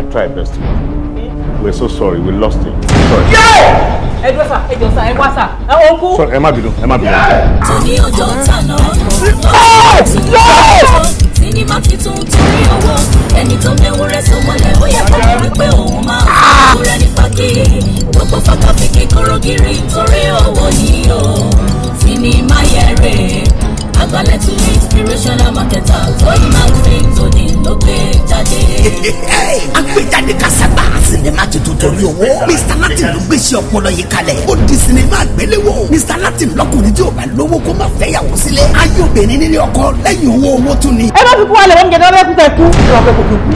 I tried best. Okay. We're so sorry. We lost him. Sorry. Yeah! Ẹ jọ̀ọ́ sà, ẹ jọ̀ọ́ sà, ẹ wá sà, ẹ ò kú. Sorry, ẹ má bínú, ẹ má bínú. Torí ọjọ́ tàná, lọ́wọ́ tí ó lọ́wọ́, sinimá fi tún torí owó, ẹni tó léwu rẹ̀ sọ mọ́lẹ̀, ó yẹ kó mọ̀ wípé òun máa ń kúrẹ́ ní pàkí. Gbogbo fàkàfìkì kóró gírí torí owó yìí o, sinimá yẹrẹ àgbálẹ̀ tún inspirational marketer tóyìn magazine tóní ló gbé jáde. agbéjáde káságbá sinimá tuntun torí owó mr latin ló gbé iṣẹ́ ọpọlọ yìí kalẹ̀ ó di sinimá àgbéléwò mr latin lọkùnrin tí ò bá lówó kó má fẹ́ yàwó sílé ayé obìnrin nílé ọkọ lẹ́yìn owó owó tún ni. ẹ bá fi kú wa lẹ́wọ́n jẹ́ni ọlọ́run tẹ kú.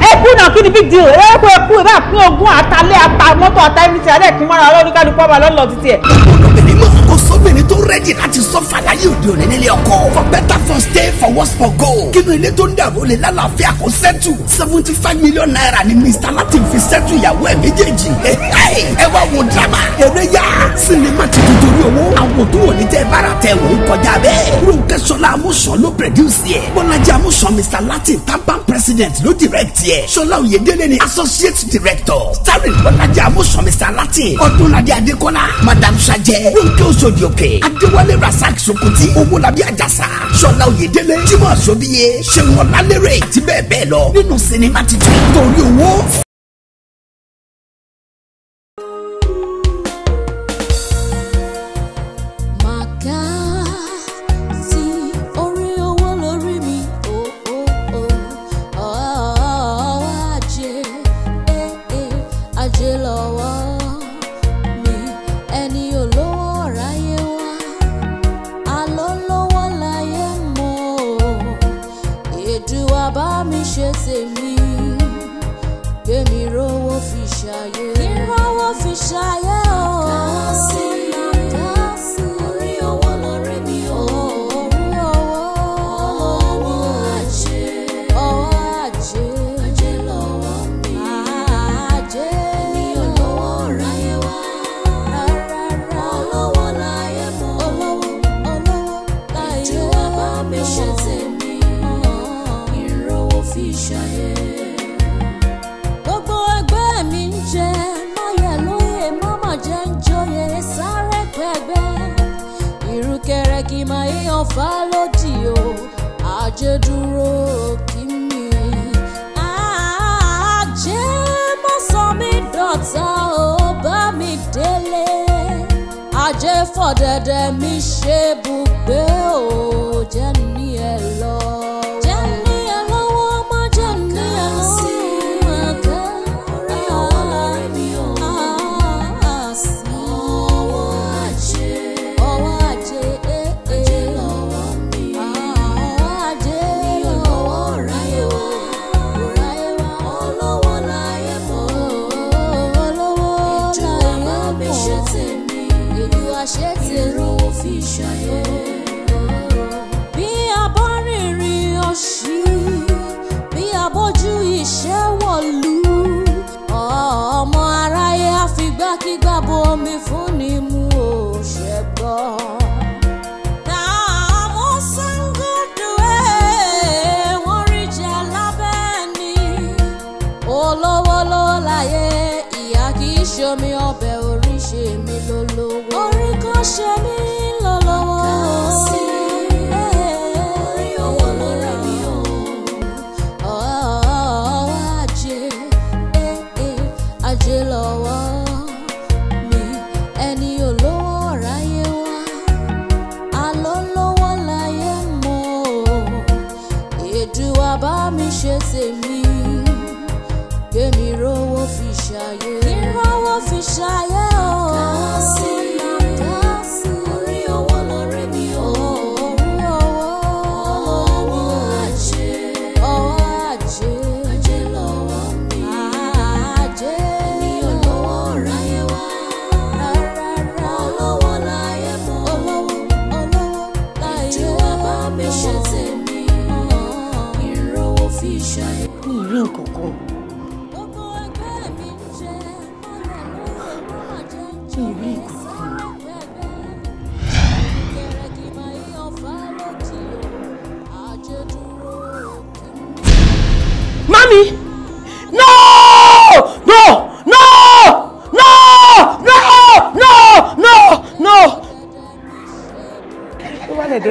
ẹ kú náà kí ni big deal ẹ kú ẹ kú ìbá pín ogún àtàlẹ́ àtàmọ́tò àtàmísẹ́ alẹ́ kí mọ́ra lọ́dún kálukú ọba lọ́lọ́ títí ẹ̀. olóbìnrin mọ̀ fóbìnrin tó rẹ́jì láti sọ́fà láyé òde òní nílé ọkọ for better for stay for worse for go kínú ilé tó ń dàrú lè lálàáfíà kó sẹ́tù seventy five million naira ni mr latin fi sẹ́tù ìyàwó ẹ̀ méjèèjì ẹ wá wo drama eré yá sinimá ti tuntun ní owó àwọn tó wò ní tẹ bára tẹ wò ó kọjá bẹ́ẹ̀ ronke sọlá amúsàn ló produce yẹ bọ́lájí amúsàn mr latin tampan president ló direct yẹ sọlá oyèdélé ni associate director starring bọ́lájí amúsàn mr latin ọdúnladé adékọ́lá madam sajẹ ronke oṣòdì ò gòkè adéwálé rasak sokuti owólabí àjàsà sọlá oyèdélé jimoh sobiye ṣẹ́gun ọlálérè àti bẹ́ẹ̀ bẹ́ẹ̀ lọ nínú sinimá titun torí owó are you? Ma èèyàn fà lódì o àjẹ dúró kí mi. àjẹ má sọ mí dọ̀tá o bá mi délé àjẹ fọ̀dẹ̀dẹ̀ mi ṣe bùgbé o jẹ́ ní ẹ lọ.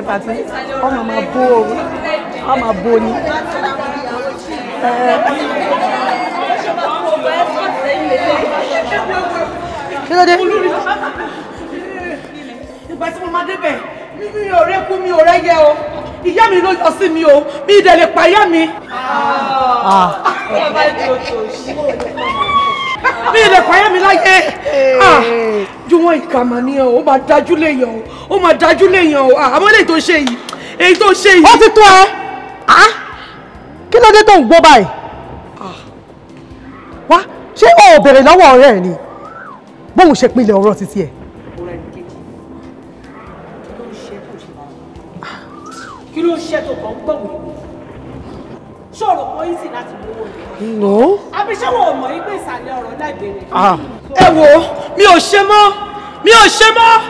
pàtí ọmọ máa bó ooru ọmọ máa bó ni. kí ló dé. ìgbà tí mo máa débẹ̀ mi ò rẹ́ kú mi ò rẹ́ yẹ o ìyá mi ló yọ sí mi o mi ìdẹ̀lẹ̀ pa ìyá mi. Ah. Ah mi lè pààyàn mi láyé ah, ju wọn ìkà mà ní ọ ó máa dájú léèyàn o ó máa dájú léèyàn o ah, àmọ́ èyí tó ṣe yìí èyí tó ṣe yìí. ó ti tó ẹ ah? kí ló dé tó ń gbọ́ báyìí wá ṣé o ò béèrè lọ́wọ́ ọ̀rẹ́ ẹ̀ ni bóun ṣe pinlẹ̀ ọ̀rọ̀ títí ẹ̀. kí ló ń ṣe tó kàn ń gbọ̀wé ṣòro kó easy láti gbowó rẹ̀. no. àbíṣẹ́wò ọmọ yìí pé ìsàlẹ̀ ọ̀rọ̀ láìbẹ̀rẹ̀. Ah. ẹ wo mi ò ṣe mọ́ mi ò ṣe mọ́ ah,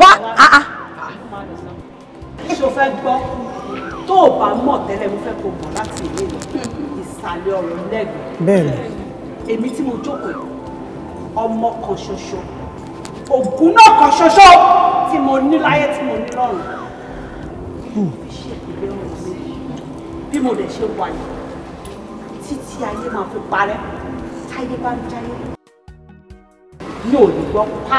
wá ṣe ah, o fẹ́ gbọ́ tó o bá mọ̀ tẹ́lẹ̀ mo fẹ́ kó mọ̀ láti ìwé rẹ̀ ìsàlẹ̀ ọ̀rọ̀ lẹ́gbẹ̀ẹ́. bẹ́ẹ̀ni. èmi tí mo jókòó ọmọ kan ṣoṣo ògùn náà kan ṣoṣo tí mo ní láyé tí mo ní lọ́rùn. Hmm bí mo dẹ̀ ṣe wà yìí títí ayé máa fi parẹ́ táyé bá ń jáyé mi ò lè gbọ́ pa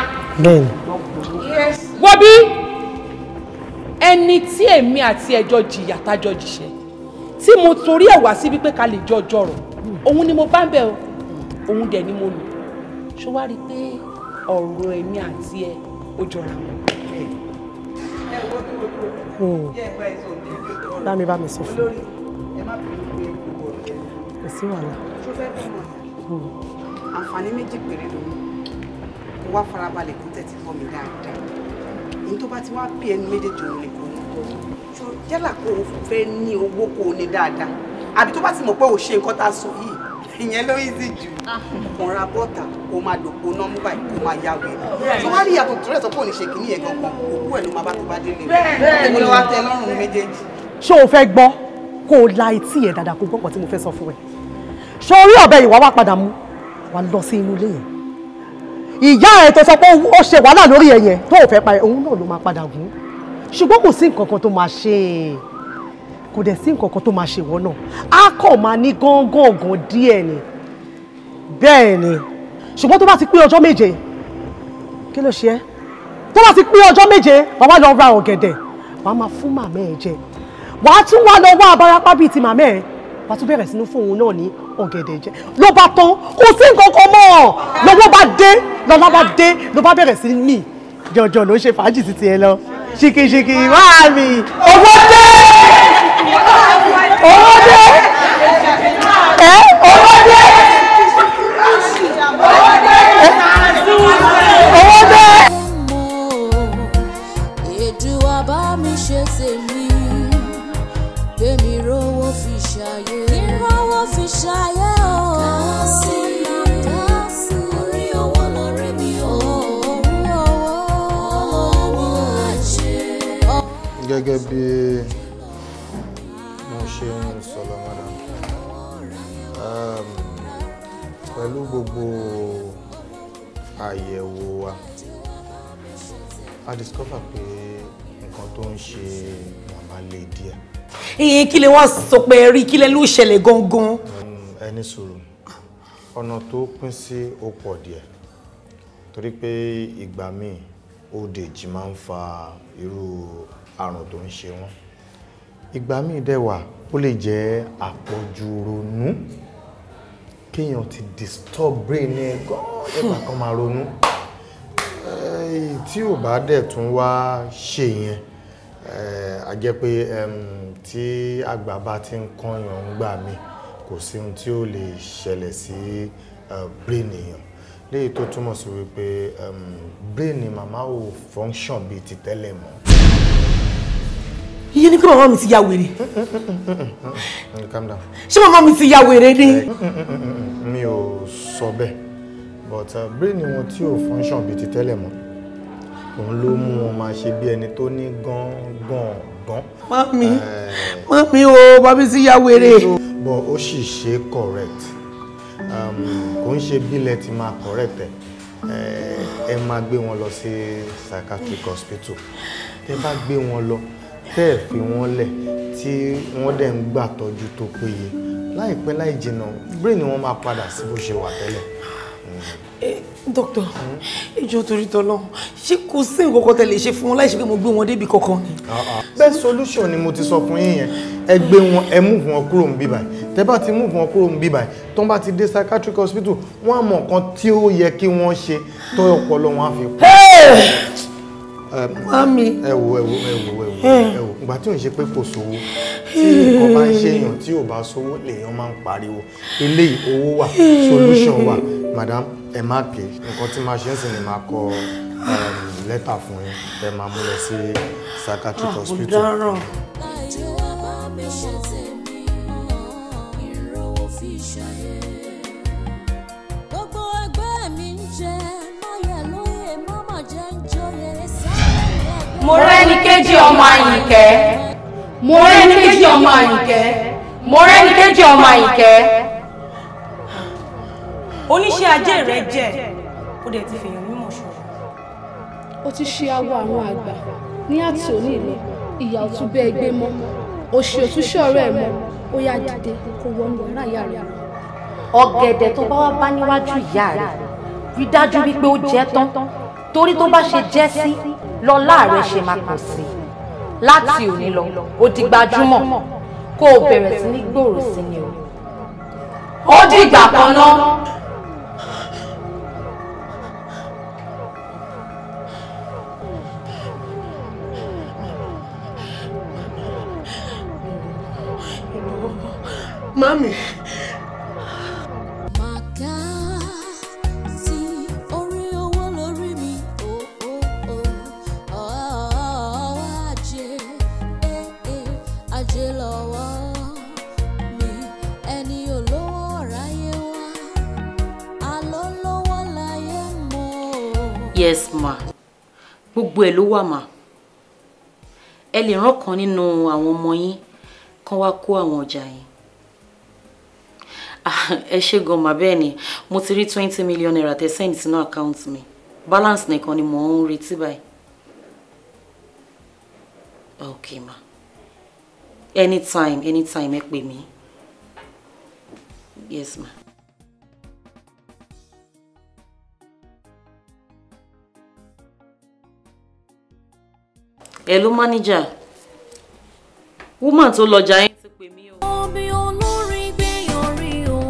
wọ́n bí ẹni tí èmi àti ẹjọ́ jìyà tájọ́ jìṣẹ́ tí mo torí ẹ̀ wá síbi pé ká lè jọ jọrọ̀ òun ni mo bá ń bẹ̀ o òun dẹ̀ ni mo nù ṣó wá rí i pé ọ̀rọ̀ èmi àti ẹ ó jọra hmm. bá mi bá mi sọ fún un kò sí wàhálà. àǹfààní méjì péré ló ní kó wá farabalẹ̀ kó tẹ̀ ti kọ́ mi dáadáa ní tó bá ti wá pè ẹnu méjèèjì òun lè kó ní kó yálà kó o fẹ́ o ní dáadáa àbí tó bá ti mọ̀ pé ò ṣe nǹkan tá a sọ yìí ìyẹn ló easy jù kànra bọ́tà kó máa dòpò nọ́mbà kó máa ya wẹ̀ tó wá rí ìyàtọ̀ tó rẹ̀ sọ pé òní ṣe kìíní yẹn gangan òkú ẹ̀ ló máa bá tó bá délé rẹ̀ èmi ló wá tẹ lọ́rùn méjèèjì. ṣé o fẹ́ gbọ́ kó o la etí ẹ̀ dáadáa kó gbọ́ nǹkan tí mo fẹ́ sọ fún ẹ ṣé orí ọ̀bẹ ìwà wá padà mú wà lọ sí inú ilé yẹn ìyá ẹ tó sọ pé ó ṣe wàhálà lórí ẹ yẹn tó ò fẹ́ pa ẹ òun náà ló máa padà gùn ṣùgbọ́n kò sí nǹkan kan tó máa ṣe é kò dẹ̀ sí nǹkan kan tó máa ṣe wọ́n náà á kàn máa ní gángan díẹ̀ ni bẹ́ẹ̀ ni ṣùgbọ́n tó bá ti pé ọjọ́ méje kí ló ṣe é tó bá ti pé ọjọ́ méje bàbá lọ ra ọ̀gẹ̀dẹ̀ bàbá máa fún màmá ẹ̀ jẹ wà á tún wá lọ wá abarapá bíi ti màmá ẹ̀ wà á tún bẹ̀rẹ̀ sínú fóun náà ní ọ̀gẹ̀dẹ̀ jẹ ló bá tán kò sí nǹkan kan mọ́ ọ lọ́wọ́ bá dé lọ́lá bá dé ló bá bẹ̀rẹ̀ sí mì jọjọ ló ṣe fàájì títí ẹ lọ ṣìkìṣìkì máa mi owó dé owó dé owó dé. gẹ́gẹ́ bí mo ṣe ń sọ lọ ehm, pẹ̀lú gbogbo àyẹ̀wò wa a discover pé nǹkan tó ń ṣe màmá lè díẹ̀. ìyẹn kí lè wọ́n sọ pé rí kí lè ló ṣẹlẹ̀ gangan. Ehm, ẹni sùúrù ọ̀nà tó pín sí ó pọ̀ díẹ̀ torí pé ìgbà míì old age máa ń fa irú àrùn tó ń ṣe wọ́n ìgbà míì dẹ̀wà ó lè jẹ́ àpọ̀jù ronú kéèyàn ti disturb brain ẹ gan ẹgbà kan máa ronú tí ò bá dẹ̀ tún wá ṣe yẹn a jẹ́ pé tí àgbà bá ti ń kọ́yàn ń gbà mí kò sí ohun tí ó lè ṣẹlẹ̀ sí brain èèyàn léyìí tó túmọ̀ sí wípé brain màmá ò function bíi ti tẹ́lẹ̀ mọ́ ìyẹn ni pé màmá mi ti ya wèrè. down. ṣé màmá mi ti ya wèrè ni. Eh, mm, mm, mm, mi ò sọ bẹ́ẹ̀ but uh, brain wọn tí ò function bíi ti tẹ́lẹ̀ mọ́ òun ló mú wọn máa ṣe bí ẹni tó ní gángan gan. mami eh, mami o mami ti ya wèrè. but ó sì ṣe correct um, kò ń ṣe bílẹ̀ tí máa correct ẹ̀ eh, ẹ máa gbé wọn lọ sí psychiatric hospital tẹ bá gbé wọn lọ tẹ́ ẹ̀ fi wọ́n lẹ̀ tí wọ́n dẹ̀ ń gbà tọ́jú tó péye láìpẹ́ láì jìnnà brain wọn máa padà sí bó ṣe wà tẹ́lẹ̀. Eh, dókítà ìjọ torí tọ́lọ́ ṣé kò sí nǹkan kan tẹ́lẹ̀ ṣe fún wọn láì ṣe pé mo gbé wọn débi kankan ni. Ah, ah. best solution ni mo ti sọ fún yín yẹn ẹ gbé wọn ẹ mú wọn kúrò ń bí báyìí tẹ bá ti mú wọn kúrò ń bí báyìí tó bá ti dé psychiatric hospital wọn á mọ nǹkan tí ó yẹ kí wọ́n ṣe tó ọpọlọ wọn á fi kú mami ẹ wo ẹ wo ẹ wo ẹ wo eh. ẹ wo ìgbà tí ò ń ṣe pé kò sówó tí nǹkan bá ń ṣèyàn tí ò bá sówó lèèyàn máa ń pariwo eléyìí owó wà solution wà madam ẹ má pè nǹkan tí máa ṣe ń sìn ni máa kọ um, lẹ́tà fún yín ẹ máa mú lọ sí psychiatric ah, hospital. àbùdáràn. láì jẹ́ wá bá mi ṣe tèmi náà ìrọ̀wọ́ fi ṣayẹ. mo rẹ́ni kéjì ọmọ àyìnkẹ́ mo rẹ́ni kéjì ọmọ àyìnkẹ́ mo rẹ́ni kéjì ọmọ àyìnkẹ́. oníṣẹ́ ajé rẹ jẹ́ ó dẹ̀ ti fèèyàn mímọ̀ ṣòro. ó ti ṣe awo àwọn àgbà ní àti òní ìlú ìyá ọ̀tún bẹ́ẹ̀ gbé mọ́ òṣì òtúnṣe ọ̀rẹ́ ẹ̀ mọ́ ó yá dìde kó wọnú ọ̀rá ìyá rẹ̀ ọ̀gẹ̀dẹ̀ tó bá wá bá níwájú ìyá rẹ̀ rí dájú wípé ó jẹ́ tán torí tó bá ṣe jẹ́ sí lọ́lá rẹ ṣe máa pọ̀ sí i láti òní lọ ó di gbajúmọ̀ kó o bẹ̀rẹ̀ sí ní gbòòrò sí ni o. ó dìgbà kan náà. Mami. gbogbo ẹ̀ ló wà mà ẹ lè rán kan nínú àwọn ọmọ yín kán wá kó àwọn ọjà yín ah, ẹ ṣe gan bẹ́ẹ̀ ni mo ti rí twenty million naira tẹ send sínú àkáǹtì mi balance nìkan ni mo ń retí báyìí ok ma anytime anytime ẹ pè mí yes ma. Hello manager woman tó lọ́jà yín ti pè mí o. omi olórin gbèyàn rí o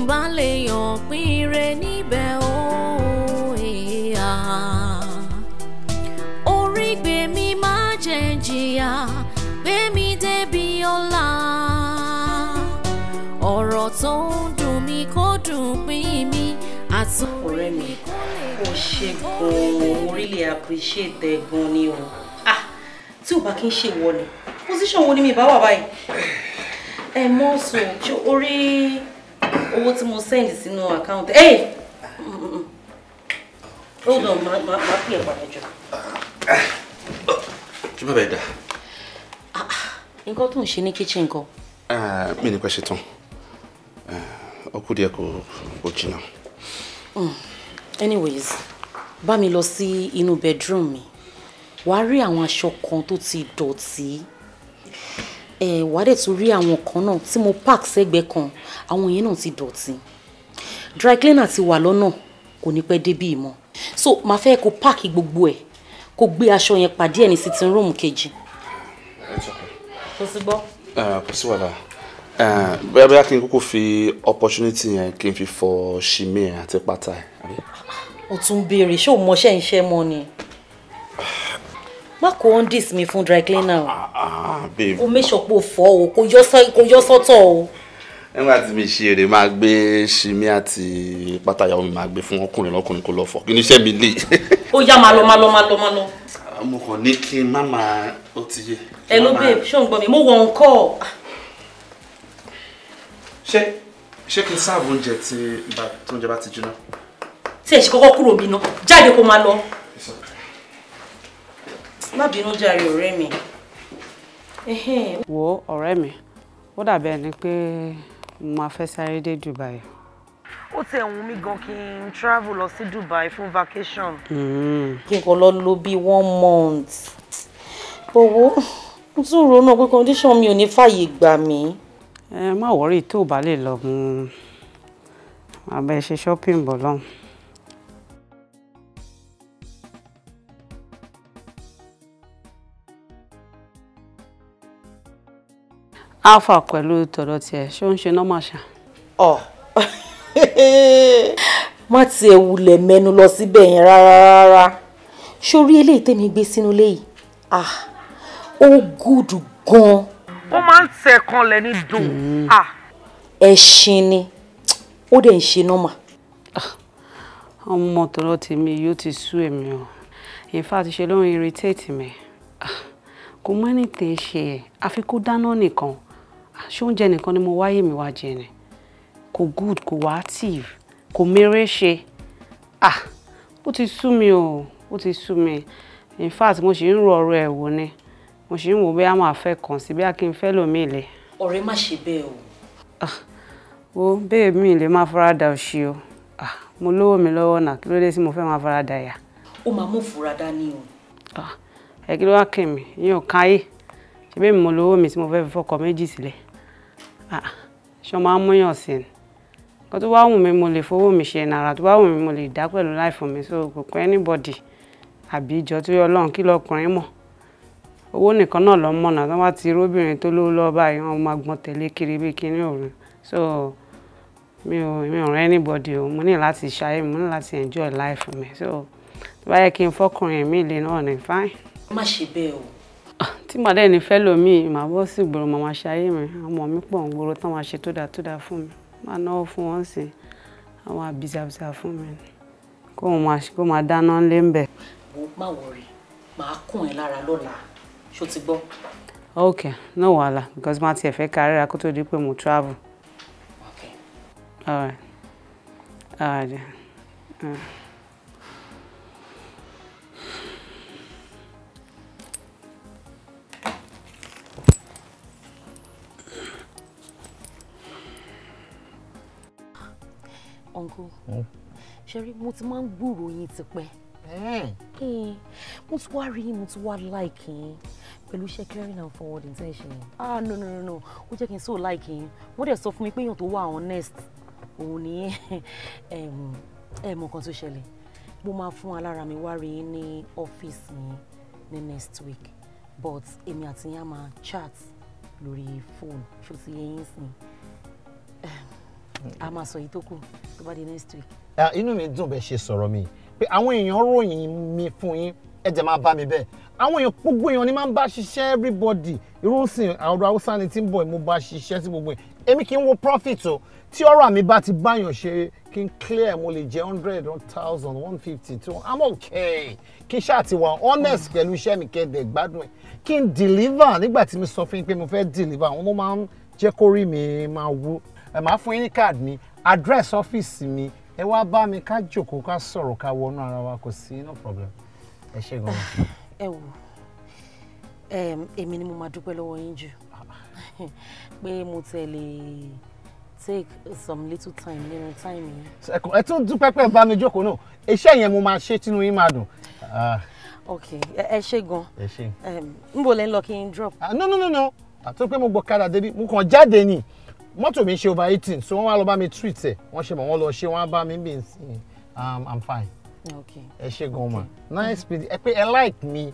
nbalẹ̀ yàn pín re níbẹ̀ o orí gbé mi má jẹ́ jìyà gbé mi débi ọ̀la ọ̀rọ̀ tó ń dùn mí kó dùn pín mi àtúnwé mi ṣe gan-an really appreciate the gan-an ni o ah tí ò bá kí n ṣe ìwọ ni position wo ni mi bá wà báyìí ẹ mọ sùn ṣe orí owó tí mo send sínú account ẹ hold on máa pè é padà jọ. kí bàbá ẹ dà. Ah, ah, nǹkan tó ń ṣe ní kitchen kan. Ah, mi ní pẹ́ ṣe tán ọkùnrin ẹ kò jìnnà. Hmm. anyways bá mi lọ sí inú bedroom mi wàá rí àwọn aṣọ kan tó ti dọ̀tí ẹ wàá dẹ̀ tún rí àwọn kan náà tí mo park sẹ́gbẹ̀ẹ́ kan àwọn yẹn náà ti dọ̀tí dry cleaner ti wà lọ́nà kò ní pẹ́ débí ìmọ̀ so màá fẹ́ kó park gbogbo ẹ̀ kó gbé aṣọ yẹn pàdé ẹ̀ ní sitting room kejì. kò sí gbọ́. kò sí wàhálà bóyá bóyá kí n kúkú fi opportunity yẹn kí n fi fọ ṣìmí àti pátá ẹ̀ o tún béèrè ṣé o mọṣẹ́ iṣẹ́ mọ́ ni má kó ondis mi fún dry cleaner o o ah, ah, make sure pé o fọ̀ o kò yọ sọ́tọ̀ o. nígbà tí mi ṣe eré máa gbé simi àti pátáyàwó mi máa gbé fún ọkùnrin lọkùnrin kó lọ fọ̀ kí ni iṣẹ́ mi lè. ó yá máa lọ máa lọ máa lọ máa lọ. mo kàn ní kí n ó ti yé. ẹ ló babe ṣé o ń gbọ́ mi mo wọ̀ ń ṣé ṣé kí n sáàbù oúnjẹ tí oúnjẹ bá ti jóná tí ẹ̀ ṣe kọ́kọ́ kúrò bí iná jáde kó máa lọ. má bínú jàre ọ̀rẹ́ mi. wo ọ̀rẹ́ mi ó dàbí ẹni pé mo máa fẹ́ sáré dé Dubai. ó ti ẹ̀wùn mi gan kí travel lọ sí Dubai fún vacation. Hmm. kí n kò lọ lò bíi one month. owó mo tún ronú pé condition mi ò ní fàyè gbà mí. ẹ má wọrí tó o bá lè lọ mú abẹ ṣe shopping bọ̀ lọ́hùn. alpha pẹ̀lú tọ̀dọ̀ tiẹ̀ ṣé ó ń ṣe normal ṣá. ọ má tiẹ̀ wulẹ̀ mẹ́nu lọ síbẹ̀ yẹn rárá rárá sórí eléyìí tèmi gbé sínú léyìí ah ó gùdù gan. ó máa ń tẹ̀kan lẹ́ni dùn. Hmm. Ah. ẹṣin ni ó dẹ̀ ń ṣe normal. Ah, ọmọ tọ̀dọ̀ tèmi yóò ti sú èmi o in fact ṣe ló ń irritate mi ah, kò mọ anything ṣe ẹ àfi kó dáná nìkan ṣé oúnjẹ nìkan ni mo wáyé mi wá jẹ ni kò good kò wá active kò méré ṣe ah ó ti sú mi o ó ti sú mi in fact mo ṣì ń ro ọ̀rọ̀ ẹ̀ wò ni mo ṣì ń wò bóyá máa fẹ́ kàn sí bóyá kí n fẹ́ lòmí ilẹ̀. ọ̀rẹ́ má ṣe bẹ́ẹ̀ o. wo bẹ́ẹ̀ mi lè máa farada òṣì o mo lówó mi lọ́wọ́ náà kí ló dé tí mo fẹ́ máa farada yà. ó máa mú fura dání o. ẹ kí ló wá kàn mí ìyẹn ò kan ayé bẹ́ẹ̀ mi mo lówó mi tí mo fẹ́ fi méjì sílẹ̀. Ah, ṣọ máa ń múyàn sí i nǹkan tó bá wù mí mo lè fowó mi ṣe nàrà tó bá wù mí mo lè dá pẹ̀lú láìfù mi so kò kọ́ anybody àbí ìjọ tó yọ ọlọ́run kí lọkùnrin mọ̀ owó nìkan náà lọ mọ̀nà tó bá ti róbìnrin tó lówó lọ́ọ́ báyìí wọn máa gbọ́n tẹ̀lé kiri bí kíní òru so mi ò mi ò rẹ́ anybody o mo ní láti ṣayé mo ní láti enjoy life mi so tó bá yẹ kí n fọkùnrin mi lè náà ní fine. má ṣe bẹ́ẹ̀ o tí màá dẹ́ni fẹ́ lomi màá bọ́ sí ìgboro màmá ṣayé mi ọmọ mi pọ̀ ń gboro tán máa ṣe tó dáa tó dáa fún mi máa náwó fún wọn sí àwọn àbísàbísà fún mi kó máa kó máa dáná lé ń bẹ̀. mo má wọrí màá kùn ẹ lára lọ́la ṣó ti gbọ́. ok no wahala because ma tiẹ̀ fẹ́ kárí ra kó tó di pé mo travel. ok. all right all right. All right. uncle Sherry, hm? mo ti máa ń gbúrò yín tipẹ́ hm, mo ti wá rí yín mo ti wá like yín pẹ̀lú iṣẹ́ clearing and forwarding tẹ́ ẹ ṣe ah no no no no ó jẹ́ kí n so like yín wọ́n dẹ̀ sọ fún mi pé èèyàn tó wà honest òun ni ẹ mọ̀ kan tó ṣẹlẹ̀ mo máa fún alára mi wá rí yín ní ọ́fíìsì yín ní next week but èmi àti yín á máa chat lórí fóònù ṣó ti yẹ yín sìn. Ehm a máa sọ èyí tó kù tó bá di next week. inú mi dùn bẹ́ẹ̀ ṣe sọ̀rọ̀ mi pé àwọn èèyàn ròyìn mi fún yín ẹ jẹ́ máa bá mi bẹ́ẹ̀ àwọn èèyàn gbogbo èèyàn ni máa ń bá ṣiṣẹ́ everybody irúsìn àwọn haúsá ni tí ń bọ̀ mo bá ṣiṣẹ́ sí gbogbo yẹn èmi kì í wo profit o tí ọ̀rọ̀ mi bá ti báyàn ṣe kí n clear mo lè jẹ́ hundred one thousand one fifty two i'm okay kí n ṣàtiwà honest pẹ̀lú iṣẹ́ mi kẹ́dẹ̀ gbádùn ẹ̀ kí n deliver nígbà tí mi sọ fún yín pé mo fẹ́ deliver wọn mo máa ń jẹ́ kórìí mi máa wú ẹ máa fún yín káàdì mi address office mi ẹ wá bá mi ká jòkó ká sọ̀rọ̀ ká wọnú ara wa kò sí no problem ẹ ṣe gan. ẹ wò èmi ni mo máa dúpẹ́ lọ́wọ́ yín jù pé mo tẹ̀lé take some little time nínú time yìí. ẹ tún dúpẹ́ pé bá mi jókòó náà iṣẹ́ yẹn mo máa ṣe tínú yín máa dùn. Ah. ok ẹ ṣe gan ẹ ṣe n bò lẹ́ ń lọ kí n drop. Ah, no no no no àti pé mo gbọ́ kára débi mo kàn jáde ni mọ́tò mi ṣe over eighteen so wọ́n wá lọ bá mi treat ẹ̀ wọ́n ṣe mọ̀ wọ́n lọ ṣe wọ́n bá mi bí n sìn i'm fine ẹ ṣe gan ma nice pd ẹ pé ẹ like me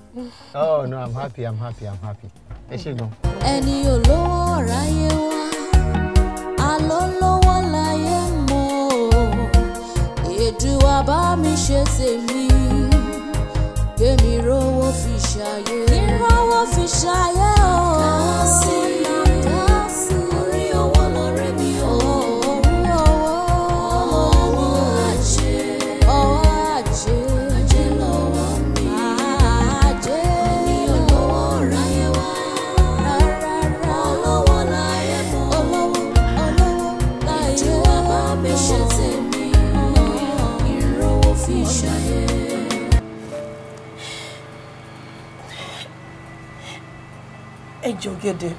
oh no i'm happy i'm happy i'm happy ẹ ṣe gan. ẹni olówó ọ̀ráyé wá àlọ́ lọ́wọ́ láyé mọ́ èdùwà bá mi ṣe tèmi gbèmí rówó fi ṣayé. ìrọ̀wọ́ fi ṣayé o. kàá sí i. jẹ ọ̀gẹ̀dẹ̀.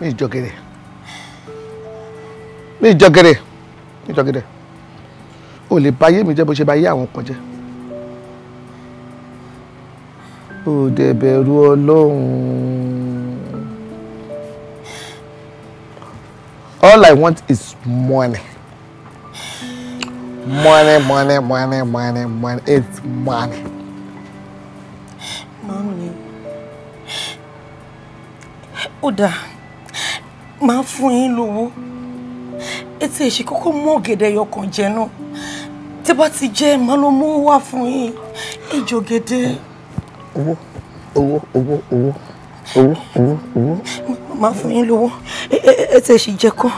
mi ì jọ̀gẹ̀dẹ̀ mi ì jọ̀gẹ̀dẹ̀ mi ì jọ̀gẹ̀dẹ̀ o lè báyé mi jẹ́ bó ṣe bá yé àwọn kan jẹ́ o dẹ̀ bẹ̀rù All I want is money. Money, money, money, money, money. It's money. ó dáa máa fún yín lówó etí èsì kókó mú ọ̀gẹ̀dẹ̀ yọkàn jẹ náà tí bá ti jẹ́ máa ló mú wá fún yín ìjọ gẹ̀dẹ̀. owó owó owó owó owó owó owó. máa fún yín lówó etí èsì jẹ kọ́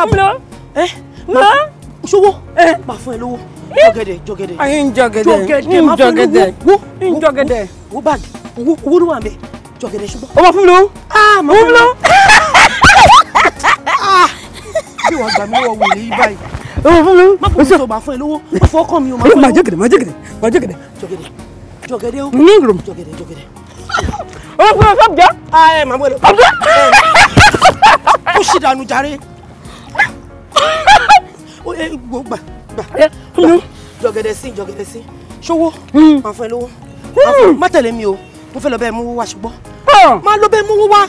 káàbọ̀. ǹlọ ǹlọ ṣòwò máa fún ẹ lówó jọgẹdẹ jọgẹdẹ. ayé ń jọgẹdẹ jọgẹdẹ wo wo jọgẹdẹ wo báàgì owó owó ló wà mẹ jọgẹdẹ ṣùgbọ́n. o máa fún mi lówó. aa ah, máa fún mi lówó. bí ah, wàá gbà mí wọ wò ní báyìí. o máa fún mi lówó. má fún mi sọ máa fún ẹ lówó fọkàn mi o máa fún ẹ lówó. máa jọgẹdẹ máa jọgẹdẹ máa jọgẹdẹ. jọgẹdẹ jọgẹdẹ o. ní ìròm. jọgẹdẹ jọgẹdẹ. o máa fún mi sọ bìọ́. ẹ máa bọ̀ ẹ lọ. ó ṣì dànù jàre ó yẹ gbò gbà gbà jọ̀gẹ̀dẹ̀ sí jọ̀gẹ̀dẹ̀ sí ṣówó hmm. máa fún ẹ lówó hmm. má tẹ̀lé mi o mo fẹ́ lọ bẹ́ẹ̀ mú wá ṣùgbọ́n hmm. má lọ bẹ́ẹ̀ mú wá.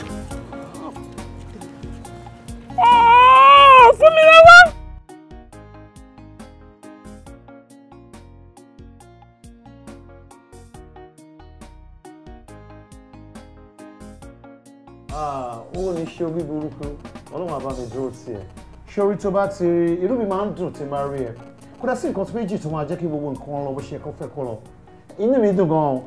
Ah, fún mi lọ́wọ́. Ah, ó ń ṣe orí burúkú ọlọ́run àbá mi dúró tiẹ̀ ṣorí tó bá ti rí inú mi máa ń dùn tí máa rí ẹ kódà sí nǹkan tó méjì tó máa jẹ́ kí gbogbo nǹkan lọ bó ṣe kọ́ fẹ́ kọ́ lọ inú mi dùn gan-an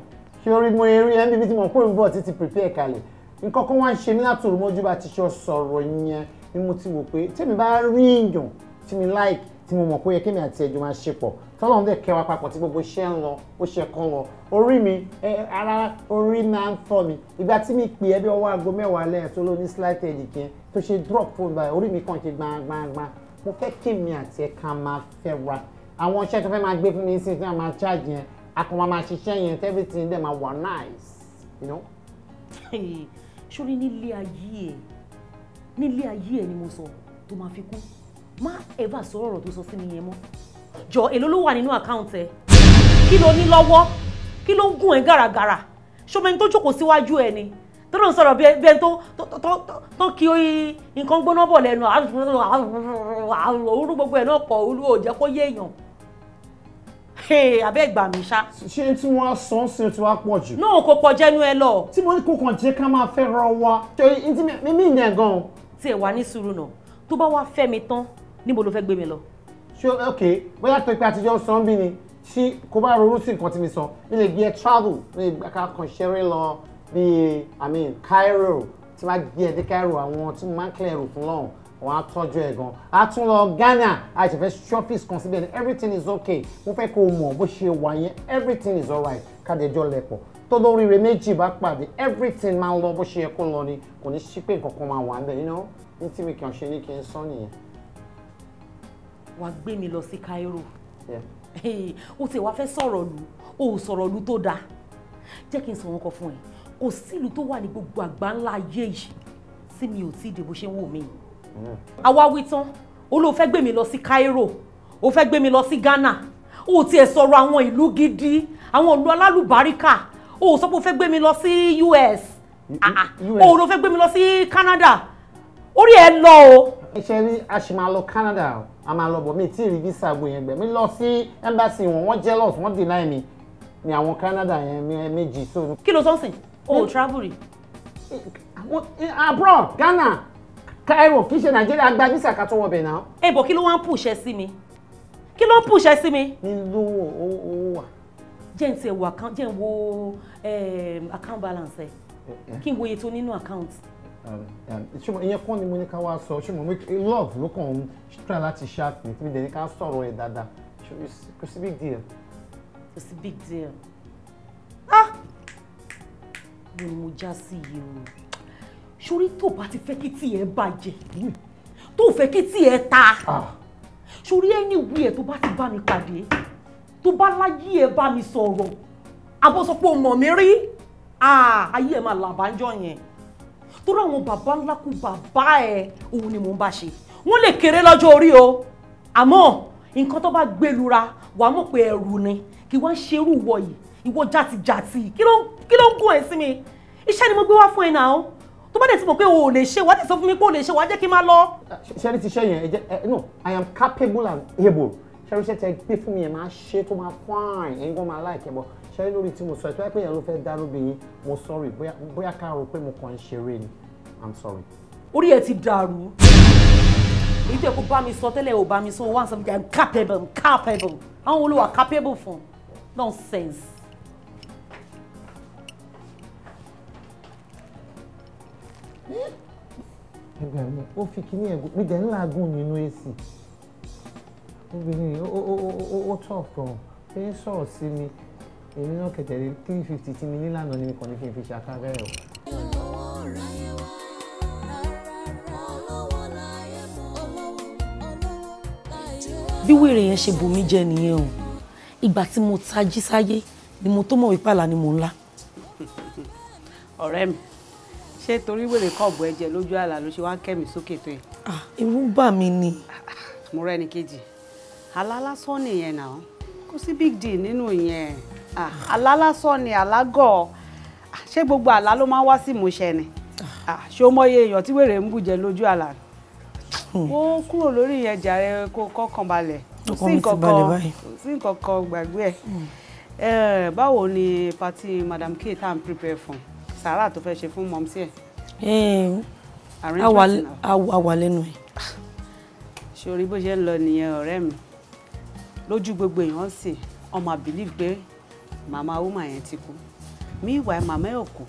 ṣorí mo eré ẹ tí mo kó ìbọ̀ títí prepare kalẹ̀ nǹkan kan wá ń ṣe mí látòrò mọ́jú bá ti ṣọ sọ̀rọ̀ yẹn ni mo ti wò pé tèmi bá rí èèyàn tí mi like tí mo mọ̀ pé yẹ kémi àti ẹ̀jọ̀ máa ṣe pọ̀ tọ́lọ́run dẹ̀ kẹwàá papọ̀ tí gbogbo iṣẹ́ ń lọ ó ṣe kan lọ orí mi ara orí máa ń fọ́ mi ìgbà tí mi pè é bí ọwọ́ aago mẹ́wàá lẹ́yìn tó ló ní slight headache tó ṣe drop fún báyìí orí mi kàn ṣe gbangbangba mo fẹ́ kí mi àti ẹ̀ ká máa fẹ́ ra àwọn iṣẹ́ tó fẹ́ máa gbé fún mi sí tí máa charge yẹn akọ̀mọ́ máa ṣiṣẹ́ yẹn everything dem máa wà nice you know. sórí nílé ayé ẹ nílé ayé ẹ ni mo sọ tó máa fi kú má ever sọ ọ̀rọ̀ tó sọ sí mi yẹn mọ́ jọ èló ló wà nínú àkáǹtì ẹ kí ló ní lọ́wọ́ kí ló ń gún ẹ gàràgàrà ṣọmọ ẹni tó jókòó síwájú ẹ ni tó ló ń sọ̀rọ̀ bí ẹni tó kí nǹkan gbóná bọ̀ lẹ́nu àrùn gbogbo ẹ̀ náà pọ̀ olú ò jẹ́ kó yéèyàn abẹ́ ìgbà mi ṣá. ṣé tí wọ́n á san ṣe tí wọ́n á pọ̀ jù. náà kò pọ̀ jẹ́nu ẹ lọ. tí mo ní kó kàn jẹ́ ká máa fẹ́ rọ wa mi mí ìyẹn gan. tí ẹ wà ní sùúrù náà tó bá wá fẹ́ mi tán níbo ló fẹ́ gbé mi lọ. ṣé ok bóyá pé pé àtijọ́ sàn bí ni tí kò bá ronú sí nǹkan tí mi sọ mi lè gbé ẹ travel mi lè gbà ká kàn ṣeré lọ bíi i mean Cairo tí wọ́n á gbé ẹ Cairo àwọn tí wọ́n máa ń clear rò fún lọ́hùn wọ́n á tọ́jú ẹ̀ gan a tún lọ Ghana a ṣe fẹ́ shopping kan síbẹ̀ ni everything is okay mo fẹ́ kó o mọ̀ bó ṣe wà yẹn everything is alright kádẹjọ́ lẹ́pọ̀ tó lóríire méjì bá pàdé everything máa ń lọ bó ṣe yẹ kó lọ ni kò ní sí pé nǹkan kan máa wà ń bẹ̀ yín ní tí mi kàn ṣe ní kí n sọ nìyẹn. wàá gbé mi lọ sí Cairo o ti wá fẹ́ sọ̀rọ̀ lu o sọ̀rọ̀ lu tó dáa jẹ́ kí n sọ wọn kọ fún ẹ kò sílùú tó wà ní gbogbo àgbá ńlá ayé yìí tí mi ò tí ì dìbò ṣe ń wò mí yìí. àwa wí tán ó ló fẹ́ gbé mi lọ sí Cairo ó fẹ́ gbé mi lọ sí Ghana ó tiẹ̀ sọ̀rọ̀ àwọn ìlú gidi àwọn ìlú alálùbáríkà ó sọ pé ó fẹ́ gbé mi lọ sí US ah, ah. ó ló fẹ́ gbé mi lọ sí Canada orí ẹ lọ o. iṣẹ́ rí a ṣì máa lọ Canada o a máa lọ bọ̀ mí tí ìrì visa gbò yẹn gbẹ mi lọ sí embassy wọn wọ́n jealous wọ́n deny mi ni àwọn Canada yẹn méjì so. kí ló sọ ń sìn o travel rí. abroad Ghana Cairo kì Nigeria. ṣe Nàìjíríà gba visa ká tó wọbẹ̀ náà. ẹ eh, bọ̀ kí ló wá ń pùṣẹ́ sí mi kí ló ń oh, oh. mi. say owó wà. jẹ́ n ti wo account jẹ́ n wo eh, account balance ẹ̀ kí n wo iye tó nínú account. Um, um, ṣùgbọ́n ìyẹn kọ́ ni mo ní ká wá love ló kàn ń try láti ṣáàpì tí mi dẹ̀ ní ká sọ̀rọ̀ ẹ̀ dáadáa kò big deal. It's a big deal. ah wo ni mo já sí yìí o sórí tó bá ti fẹ́ kí tiẹ̀ bàjẹ́ tó fẹ́ kí tiẹ̀ ta ah. sórí ẹni wí ẹ̀ tó bá ti bá mi pàdé tó bá láyé ẹ̀ bá mi sọ̀rọ̀ abọ́sọpọ̀ mọ̀ mi rí ah, ayé ẹ̀ máa làbájọ́ yẹn torí àwọn bàbá ńlá kú bàbá ẹ̀ òun ni mò ń bá ṣe wọ́n lè kéré lọ́jọ́ orí o àmọ́ nǹkan tó bá gbẹlura wàá mọ̀ pé ẹrù ni kí wọ́n ṣerú wọ̀ yìí ìwọ játijàti kí ló ń kí ló ń gún ẹ̀ sí mi iṣẹ́ ni mo gbé wá fún ẹ náà tó bá dẹ̀ ti pé o ò lè ṣe wàá dẹ̀ sọ fún mi pé o lè ṣe wàá jẹ́ kí n máa lọ. ṣẹ́rí ti ṣe yẹn ẹ jẹ́ ẹ no I am capable and able ṣẹ́rí ṣe tẹ gbé fún mi yẹn máa ṣe tó máa fine ẹ̀ ń gbọ́n máa láìkẹ́ bọ́ ṣẹ́rí lórí tí mo sọ ẹ̀ tó yẹ pé yẹn ló fẹ́ dárú bí yín mo sorry bóyá ká rò pé mo kàn ń ṣeré ni I'm sorry. orí ẹ ti dàrú èyí tó yẹ kó bá mi sọ tẹ́lẹ̀ ò bá mi sọ wá sọ capable capable àwọn olówó capable fún nonsense. ẹgbẹ́ mi ó fi kíní ẹ̀gún mi dẹ̀ ńlá gùn nínú èsì obìnrin yìí ó tọ̀ gan pé ń sọ̀rọ̀ sí mi èmi náà kẹ̀tẹ̀lé three fifty tí mi nílànà ni mi kàn ní fi fi ṣàkárẹ̀ o. bí wèrè yẹn ṣe bomi jẹ nìyẹn o ìgbà tí mo tají sáyé ni mo tó mọ̀ wípé àlá ni mo ń lá. ọ̀rẹ́ mi ṣé torí wèrè kọ̀ọ̀bù ẹ̀jẹ̀ lójú àlà ló ṣe wá ń kẹ́mi sókè tó yẹ. irú bà mí ni. mo rẹ́ni kejì alálásán nìyẹn náà kò sí big deal nínú ìyẹn alálásán ni alágọ̀ ṣé gbogbo àlá ló máa ń wá sí ìmúṣẹ ni ṣé o mọye èèyàn tí wèrè ń bùjẹ lójú àlà hmm. ó kúrò lórí ìyẹn jàre kó kọ́kàn balẹ̀ sí nǹkan sí nǹkan kan gbàgbé ẹ̀ hmm. báwo ni pati madam k tá à ń prepare fún sàárà tó fẹ́ ṣe fún mọ́mísí ẹ̀. Eh, a wà lẹ́nu ẹ̀. ṣòrí bó ṣe ń lọ nìyẹn ọ̀rẹ́ mi lójú gbogbo èèyàn sì ọmọ àbílí pé màmá wúmà yẹn ti kú mí ìwà ẹ̀ màmá ẹ̀ kù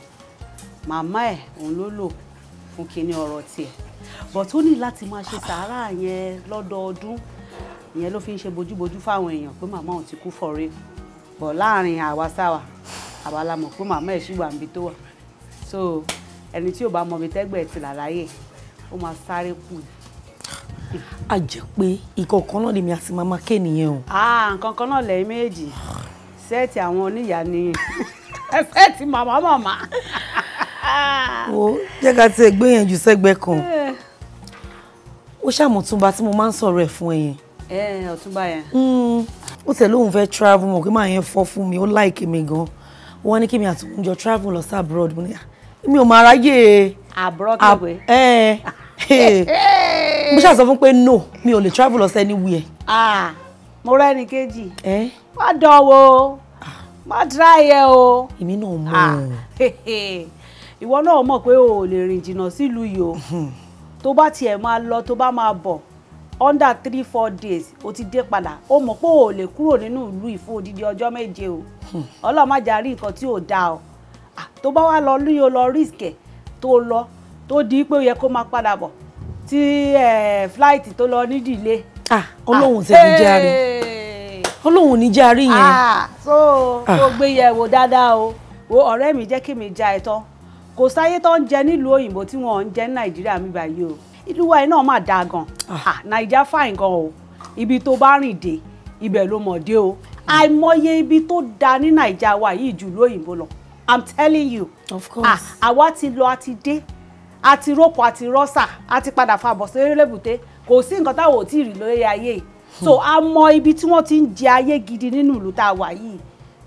màmá ẹ̀ òun ló lò fún kinní ọ̀rọ̀ tiẹ̀ but ó ní láti máa ṣe sàárà yẹn lọ́dọọdún ìyẹn ló fi ń ṣe bójúbójú fáwọn èèyàn pé màmá òun ti kú fọ̀rẹ́ bọ̀ láàrin àwa sáwà àwa pé màmá ẹ̀ ṣì wà níbi tó wà so ẹni tí ò bá mọbi tẹ́gbẹ̀ẹ́ ti là láyè ó máa sáré kù. a jẹ pé ìkọ̀ọ̀kan náà lèmi àti màmá ké nìyẹn o. nǹkan kan náà lẹ́yìn méjì sẹ́ẹ̀tì àwọn oníyà ni sẹ́ẹ̀tì màmá màmá. wo jẹ́ ká tiẹ̀ gbé yẹn jù sẹ́gbẹ́ kan eh. ó ṣàmùtúnba tí mo máa ń sọ̀rọ̀ ẹ̀ fún ẹ yẹn. ẹ eh, ọ̀túnba yẹn. Hmm, ó tẹ̀ lóun fẹ́ travel mọ̀ pé màá yẹn fọ́ fún mi ó láìkí mi gan-an wọ́n ní kí mi àtúnjọ travel lọ sí abroad mo ní à ah, mi ò máa ráyè. àbúrò kẹwé. Eh, eh. mo ṣàṣọ fún pé no mi ò lè travel lọ sí anywhere. ah mo rẹ́ni kejì. Eh? má dánwò má try ẹ o. èmi náà mọ̀. Ah, ìwọ náà mọ̀ pé o ò lè rìn jìnnà sílùú yìí o hmm. tó bá tiẹ̀ máa lọ tó bá máa bọ̀ under three four days o ti dé padà o mọ̀ pé o ò lè kúrò nínú ìlú yìí fún odidi ọjọ́ méje o hmm. ọlọ́run má jà rí nǹkan tí ò dáa o tó bá wà lọ lú yóò lọ risk ẹ̀ tó lọ tó di pé ó yẹ kó máa padà bọ̀ tí flight tó lọ ní dìlé. ọlọ́run tẹ̀ ní járe ọlọ́run ní járe yẹn. so tó gbé yẹ̀ wo, dáadáa o wo ọ̀rẹ́ mi jẹ́ kí mi ja ẹ̀ tán kò sáyé tó ń jẹ nílùú òyìnbó tí wọn ń jẹ ní nàìjíríà mi báyìí o ìlú wa náà mà dáa gan nàìjíríà fine gan o ibi tó bá rìn dé ibẹ̀ ló mọ̀ dé o àìmọye ibi tó dáa ní nàìjíríà wa yìí jù lóyìnbó lọ i'm telling you. of course. Ah, àwa ti lọ a ti dé a ti rọ́pò a ti rọ́sà a ti padà fa àbọ̀sẹ̀ erélébùté kò sí nǹkan táwọn ò tí ì rí lórí ayé yìí hmm. so a mọ ibi tí wọ́n ti ń di ayé gidi nínú ìlú tá a wà yìí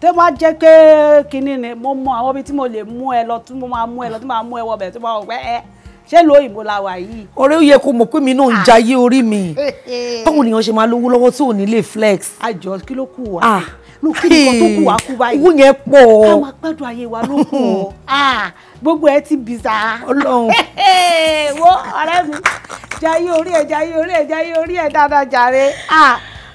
tó máa jẹ́ pé kinní ni mo mọ àwọn ibi tí mo lè mú ẹ lọ tí mo máa mú ẹ lọ tí mo máa mú ẹ wọbẹ̀ tí mo máa wọ pé ẹ ṣé ló òyìnbó la wà yìí. ọ̀rẹ́ ó yẹ kó mọ̀ pé mi náà ń ah. jayé orí mi báwo nìyẹn ṣe máa lówó lọ́wọ́ tí ò ní lè flex. àjọ kí ló kù wá ah ló kí nǹkan tó kù wá kú báyìí owó yẹn ká máa gbádùn ayé wa ló kù ọ́ gbogbo ẹ ti bìsà Ọlọ́run wo ọ̀rẹ́ mi jayé orí ẹ jayé orí ẹ jayé orí ẹ dáadáa jàre ah,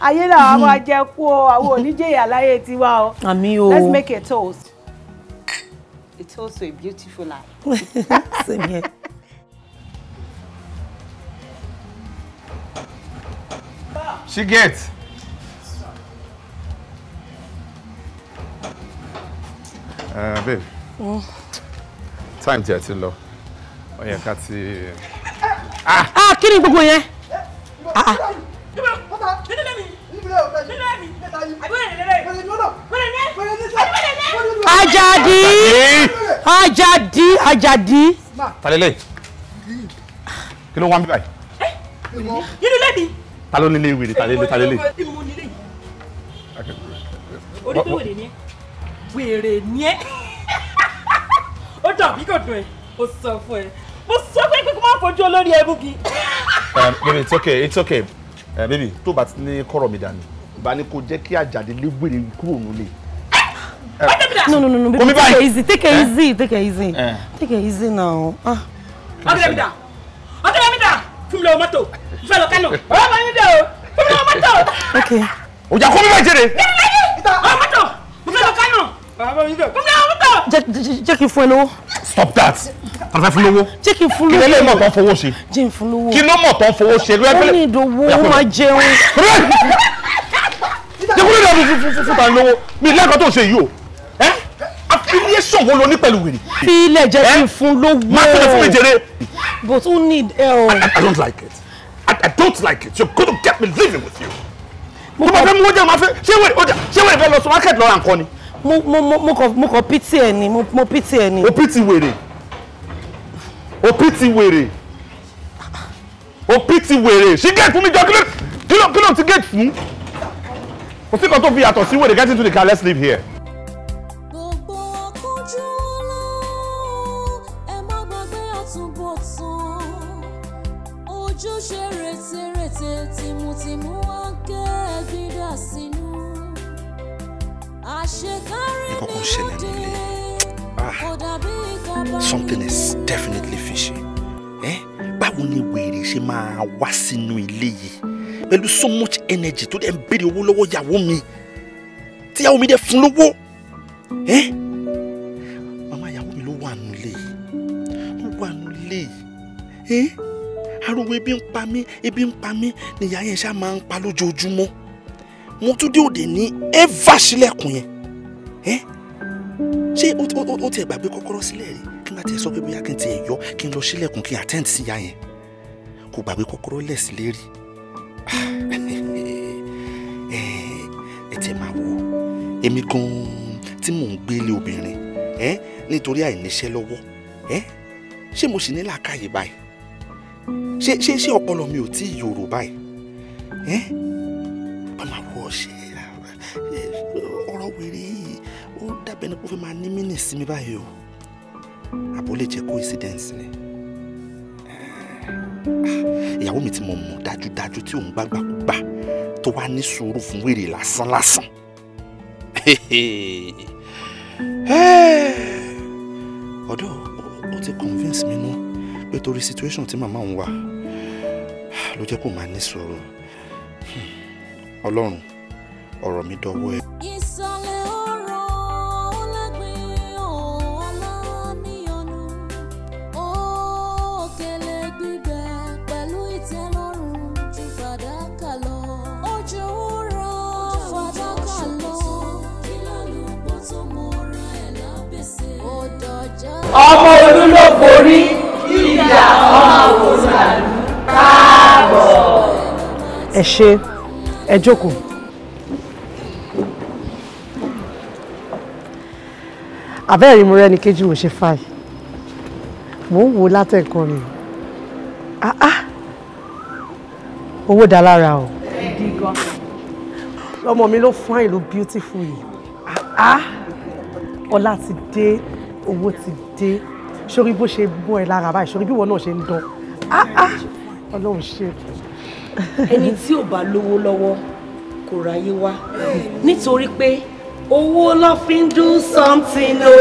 ayé làwọn a máa kú ọ àwọn oníjẹyà láyé tiwa o àmín o let's make a toast it's also a beautiful life. she gets. Uh, babe. Mm. Time tí ẹ ti lọ. Ó yẹ ká ti Ah, ah kí ni gbogbo yẹn? Ah ah. Ajadi! Ajadi! Ajadi! Ta lélẹ̀? Kí ló wá mi báyìí? Nínú ilé mi. Ta ló nílé ìwé ni? Ta lélẹ̀? Ta lélẹ̀? Orí pé wèrè ni ẹ wèrè ni ẹ́ ó dàbí kò dùn ẹ́ ó sọ fún ẹ mo sọ pé pé kó má fojú olórí ẹ um, baby it's okay it's okay uh, baby tó bá ti ní kọ́rọ̀ mi dànù ìbá ní kó jẹ́ kí àjàdé lé wèrè kúrò nílé. Eh, eh, eh, no no no no baby take it easy take it easy take it easy take it easy now. ọ̀gẹ̀dẹ̀ ah. mi fún mi lọ mọ́tò ìfẹ́ lọ kánò ọ̀rọ̀ mi dà o fún mi lọ mọ́tò. ok. òjà kó mi máa jèrè. ọ̀rọ̀ mọ́tò mo fẹ́ lọ kánò jẹ́ kí n fún ẹ lówó. stop that kan fẹ́ fún lówó. jẹ́ kí n fún lówó. kí lélẹ́yìn mọ̀ tán fowó ṣe. jẹ́ n fún lówó. kí ló mọ̀ tán fowó ṣe. ó ní ìdòwò ó máa jẹun. jẹ́kúrò ní ọdún fún fún ta lówó mi lẹ́kọ̀ọ́ tó ṣe yìí o affiliation wo lo ní pẹ̀lú wèrè. fi ilẹ̀ jẹ́ kí n fún lówó. má tẹ̀lé fún mi jèrè. but who need help. I, I don't like it I, I don't like it you're to get me living with you. mo bá fẹ́ mú ọjà máa fẹ́ ṣé wèrè ọjà ṣé wèrè fẹ́ lọ supermarket lọ́ra nǹkan ni mo mo mo mo kọ mo kọ piti ẹ ni mo piti ẹ ni. o piti wèrè o piti wèrè o piti wèrè ṣí gate fún mi jọ kí ló kí ló kí ló ti gate fún kò sí kan tó fi yàtọ̀ sí wèrè get into the car let's leave here. something is definitely fishy. Eh? báwo ni wèrè ṣe máa wá sínú ilé yìí pẹ̀lú so much energy tó dẹ̀ ń béèrè owó lọ́wọ́ ìyàwó mi tíyàwó mi dẹ̀ fún lówó. Eh? màmá ìyàwó mi ló wà nù ilé yìí ló wà nù ilé yìí. Eh? ariwo ebi ń pa mí ebi ń pa mí nìyá yẹn ṣá máa ń pa lójoojúmọ́ mo tún dé òde ní ẹ́fà sílẹ̀kùn yẹn eh? ṣé o ti ẹ̀ gbàgbé kọ́kọ́rọ́ sílẹ̀ rí àti sọ pé bóyá kí n ti ẹ̀yọ́ kí n lọ sílẹ̀kùn kí n àtẹ́ǹtì sí ya yẹn kò gbàgbé kọ́kọ́rọ́ lẹ̀ sí lérí ah, eh, ẹ tiẹ̀ máa wo èmi gan-an tí mò ń gbélé obìnrin nítorí àìníṣẹ́ lọ́wọ́ ṣé mo sì ní làákàyè báyìí ṣé ṣé ọpọlọ mi ò tí ì yòrò báyìí bá máa wọ ọṣẹ ọ̀rọ̀ wèrè yìí ó dàbẹ ní kó fẹ́ máa ní mí mi báyìí o àbó lè jẹ́ coincidence ni ìyàwó mi tí mo mọ̀ dájúdájú tí òun gbàgbà gbà tó wá ní sùúrù fún wèrè lásán lásán ọ̀dọ̀ ó ti convince mi nú pé torí situation tí màmá òun wà ló jẹ́ kó máa ní sùúrù ọlọ́run ọ̀rọ̀ mi dọwọ́ ẹ. ẹ ṣe ẹ jókòó. àbẹ́rẹ́ mo rẹ́ni kejì mo ṣe fàáyì Mo ń wo látẹ̀kọ́ ni ah, ah. owó dá lára o ọmọ mi ló fún àyè ló beautiful yìí ah, ọlá ti dé owó ti dé sórí bó ṣe bọ́ ẹ lára báyìí sórí bí wọn náà ṣe ń dán ọlọ́run ṣe ẹni tí ò bá lówó lọ́wọ́ kò ráyé wá nítorí pé owó ló fi ń do something o.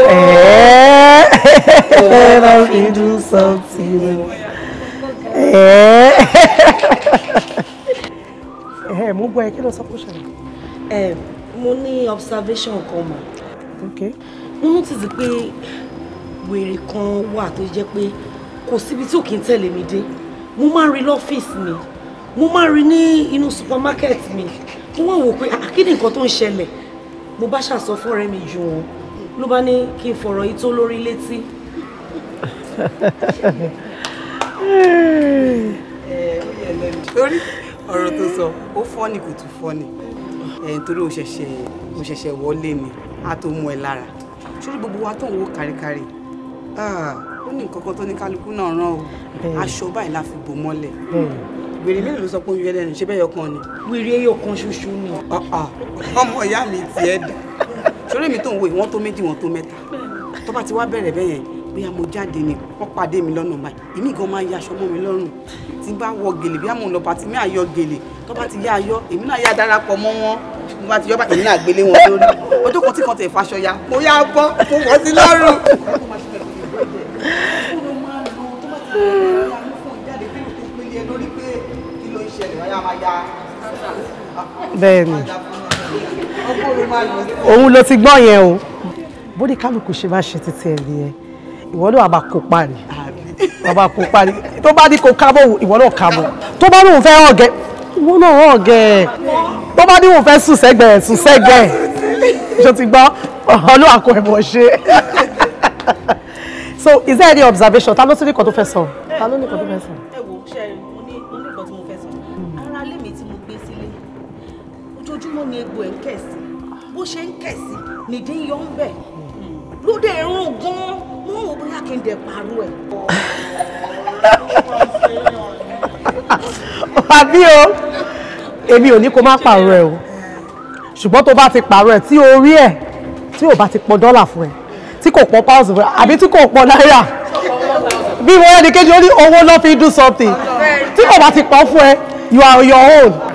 owó ló fi ń do something o. ẹ mo gbọ́ ẹ kí ló sọ pé ṣẹlẹ̀. ẹ mo ní observation kan mà. mo notice pé wèrè kan wà tó jẹ́ pé kò síbi tí ò ń tẹ̀lé mi dé mo máa ń rí lọ́fíìsì mi mo máa rí ní inú supermarket mi mo wá wò pé àkíní ah, nǹkan tó ń ṣẹlẹ̀ mo bá ṣàsọ fún ọ̀rẹ́ mi jù wọn ló bá ní kí n fọ̀rọ̀ yìí tó lórí létí. lórí ọ̀rọ̀ tó sọ ó fọ́ni kò tún fọ́ni nítorí ó ṣẹ̀ṣẹ̀ ó ṣẹ̀ṣẹ̀ wọlé mi á tó mú ẹ lára sórí gbogbo wa tó ń wo káríkárí ah, ó ní nǹkan kan tó ní kálukú náà rán o aṣọ báyìí la fi bò mọ́lẹ̀ wèrè mélòó ló sọ pé oyún ẹlẹ́nu ṣé bẹ́ẹ̀ yọkan ni. wèrè ẹyọkan ṣoṣo ni. Ah, ah. ọmọ ìyá mi tiẹ̀ dà sórí mi tó ń wo ìwọ́n tó méjì wọ́n tó mẹ́ta tó bá ti wá bẹ̀rẹ̀ bẹ́yẹn bóyá mo jáde ni wọ́n pàdé mi lọ́nà báyìí èmi gan máa ya aṣọ mọ́ mi lọ́rùn tí bá wọ gèlè bí àmọ́ lọ́ba tí mi àyọ gèlè tó bá ti yá ayọ èmi náà yá darapọ̀ mọ́ wọn mo bá ti yọ bá èmi náà gbélé wọn lórí ọjọ́ kan tí kan tẹ̀ faṣọ ya mo yá bọ́ mo wọ́ sí lọ́rùn. bẹ́ẹ̀ni òun ló ti gbọ́ yẹn o bóde kálukú ṣe bá ṣe títí ẹ̀ nìyẹn ìwọ náà bá kó parí bàbá kó parí tó bá ní kó kábọ̀ ìwọ náà kábọ̀ tó bá lóun fẹ́ ọ̀gẹ́ ìwọ náà ọ̀gẹ́ tó bá ní òun fẹ́ sùn sẹ́gbẹ̀ẹ́ sùn sẹ́gbẹ̀ẹ́ ṣe ti gbọ́ ọlọ́ àkọ ẹ̀bọ̀ ṣe so is there any observation ta ló tún ní kan tó fẹ́ sọ ta ló ní kan tó fẹ́ sọ. ni egbò ẹ̀ ń kẹ̀ sí bó ṣe ń kẹ̀ sí nìdí yọ ń bẹ̀ lóde ìrún gan-an mo ń wò bóyá kí n dẹ̀ pààrọ̀ ẹ̀. àbí o èmi ò ní kó má pààrọ̀ ẹ̀ o ṣùgbọ́n tó bá ti pààrọ̀ ẹ̀ tí orí ẹ̀ tí ò bá ti pọ̀ dọ́là fún ẹ̀ tí kò pọ̀ pounds fún ẹ̀ àbí tí kò pọ̀ náírà bí mo rẹ́ ni kejì ó ní owó lọ́ fi do something tí kò bá ti pọ̀ fún ẹ you are your own.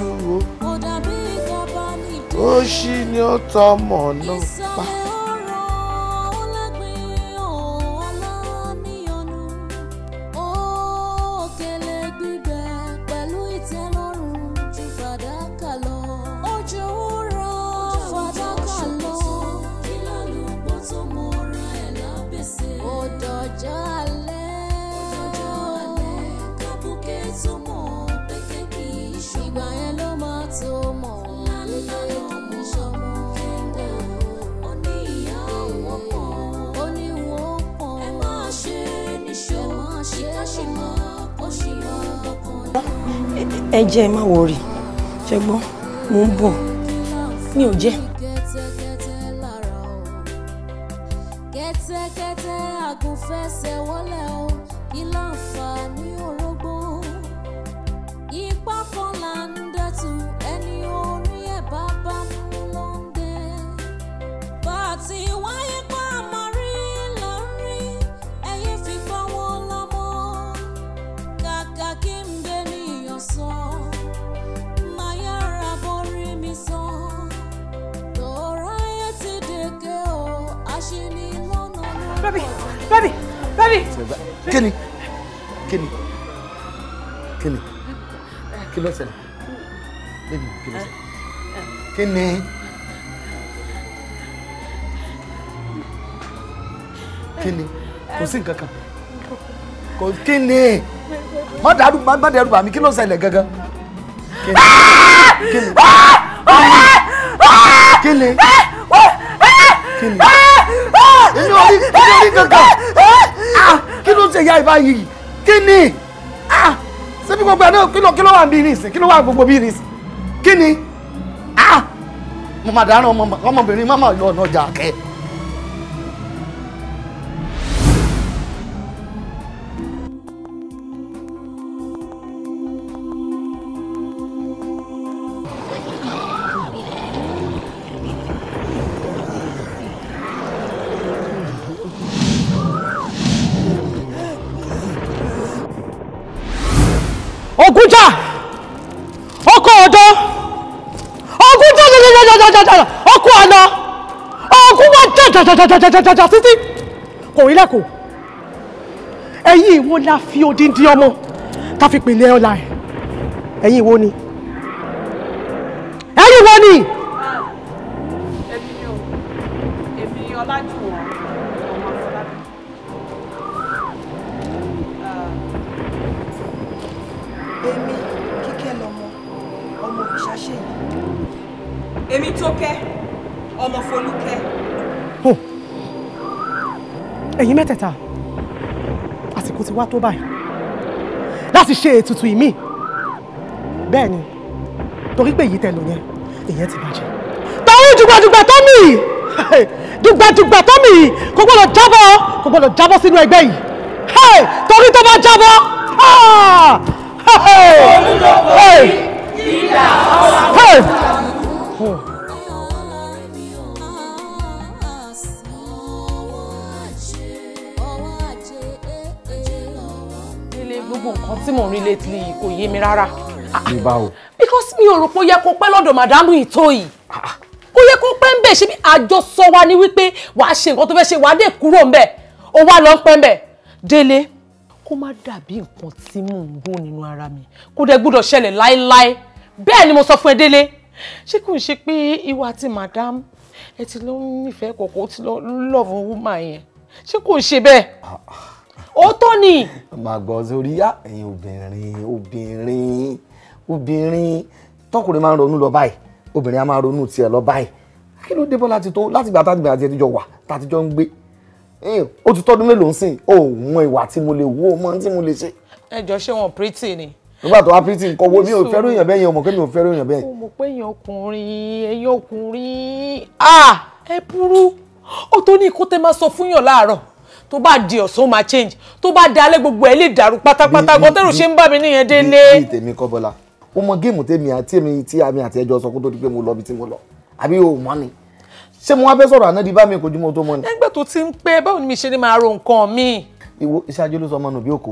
ó ṣì ní ó tọmọ náà pa. ẹ jẹ́ ẹ má wọrí ṣẹ́gbọ́n mò ń bọ̀ mi ò jẹ́. Kini, kini, kini, kini ni Kini, kini, kini, kini. ṣẹlẹ̀ bébì kí ló kini. kí ni. kí ni kò kini nǹkan kan kò Kini, kini, kini, kini, kini dàrú bàmí kí ló ṣẹlẹ̀ gangan kí ni kí ni kí ni kí ni èmi ò rí èmi ò rí gangan ṣe ya ìbá yìí kí ni ah ṣebí gbogbo ẹ̀ náà kí ló kí ló wà bí nìsín kí ló wà gbogbo bí nìsín kí ni ah mo máa dáná ọmọbìnrin má máa lọ ọ̀nà ọjà kẹ́ẹ́. jàjàjàjàjàjà títí kò rí lẹ́kọ̀ọ́ ẹ̀yin ìwo la fi odindi ọmọ tá fi pèlè ọ̀la ẹ̀ ẹ̀yin ìwo ni wá tó báyìí láti ṣe ètùtù ìmí bẹ́ẹ̀ ni torí pé èyí tẹ lò yẹn èyẹ ti bàjẹ́. tọ́wọ́ dùgbàdùgbà tó mì í dùgbàdùgbà tó mì í kò gbọ́dọ̀ jábọ́ kò gbọ́dọ̀ jábọ́ sínú ẹgbẹ́ yìí torí tó bá jábọ́. olùdókòwò yìí ìlà ọ̀la ọ̀la. tí mò ń rí lately kò yé mi rárá. bí báwo. because mi ò rò pé ó yẹ kó pẹ́ lọ́dọ̀ màdámù ìtó yìí kó yẹ kó pẹ́ ń bẹ̀ ṣe bí àjọsọ wa ni wípé wàá ṣe nǹkan tó fẹ́ ṣe wàá dé kúrò ńbẹ̀ ó wá lọ ń pẹ́ ńbẹ̀ délé kó má dàbí nǹkan tí mò ń gún nínú ara mi kó dẹ gbúdọ̀ ṣẹlẹ̀ láéláé bẹ́ẹ̀ ni mo sọ fún ẹ délé ṣé kò ń ṣe pé ìwà àti madam ẹ ti lọ nífẹ̀ẹ́ kọ̀ọ̀kan ó ti lọ lọ́ọ̀fù wúmà yẹn ṣé kò ń ṣe bẹ́ẹ̀. Ah, ah ó tó ni. màgbọ́ sórí yá ẹ̀yin obìnrin obìnrin obìnrin tọkùnrin máa ń ronú lọ báyìí obìnrin á máa ronú tiẹ̀ lọ báyìí kí ló dé bọ́ láti tó láti gbà tàbí àti ẹtijọ́ wà tàtijọ́ ń gbé o ti tọ́dún mélòó ń sìn ó mọ ìwà tí mo lè wò ó mọ tí mo lè ṣe. ẹ jọ ṣé wọn pretty ni nígbà tó wá pí nǹkan wo mi ò fẹ́ràn èèyàn bẹ́ẹ̀ yẹn ọmọ kí ò fẹ́ràn èèyàn bẹ́ẹ̀. mo pé èèyàn ọkùnrin èèyàn ọkùnrin ah, ẹ burú ó tó ní ikú tẹ máa sọ fún yàn láàárọ̀ tó bá di ọ̀sán máa change tó bá dalẹ́ gbogbo ẹ̀ lè dàrú pátápátá gan tẹ́rù ṣe ń bà mí nìyẹn délé. bí tèmi kọ́ bọ́lá ó mọ géèmù tèmi àti èmi tí àmì àti ẹjọ́ sọ kó di pé mo lọ bí tí mo lọ àbí o mọ́ ni ṣé mo wá fẹ́ sọ̀rọ̀ àná di bá mi kò ju mo tó mọ́ ni. ẹgbẹ́ tó ti ń pẹ́ báwo ni mi ṣe ni máa ro nǹkan mi. ìwọ iṣẹ́ ajé ló sọ ọmọ nù bí òkò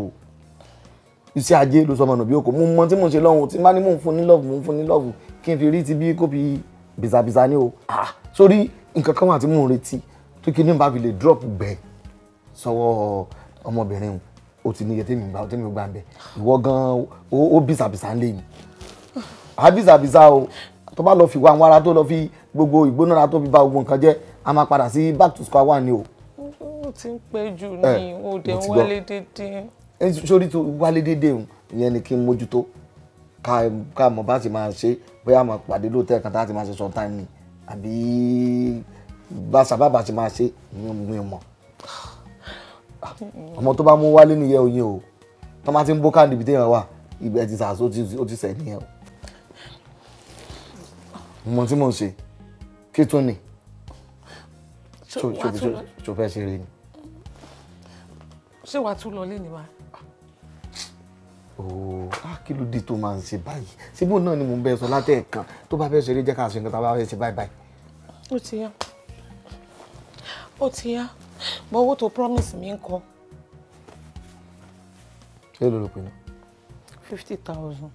iṣẹ́ ajé ló sọ ọmọ nù bí òkò mo mọ tí mo ṣe lọ́hùn o. Ah, sórí nǹkan kan wà tí drop gbẹ̀ẹ́ sọ́wọ́ ọmọbìnrin o o ti níye tèmi gba tèmi gba nbẹ ìwọ gan o bìsàbìsà ń lé mi a bìsàbìsà o tó bá lọ fi wá àwọn ara tó lọ fi gbogbo ìgbónára tó fi bà gbogbo nǹkan jẹ́ a máa padà sí back to square one ni o. o ti ń pẹ́ jù ní òde eh, wálé dédé. sórí tó wálé dédé o ìyẹn ni kí n mójútó ká mọ̀ bá ti máa ṣe bóyá máa pàdé lóòótọ́ ẹ̀kan tá a ti máa ṣe sọ̀tàn ni àbí bá sábà bá ti máa ṣe ni mo mọ̀ ọmọ tó bá mú wálé nìyẹn òye o tó má ti ń bó káàdì ibi téèyàn wà ibẹ̀ ti sàásó ó ti sẹ̀ nìyẹn o mo tí mò ń ṣe kí tó ní tó fẹ́ ṣe rè ni. ṣé wàá tún lọ lé ní wa. ooo ah, kí ló dé tó máa ń ṣe báyìí síbò náà ni mò ń bẹ sọ látẹ̀ẹ̀kan tó bá fẹ́ ṣeré jẹ́ ká ṣe nǹkan tá a bá fẹ́ ṣe báyìí báyìí. ó ti yá ó ti yá bọ́ owó tó promise mi ń kọ́. ṣé ló ló pe ní. fifty thousand.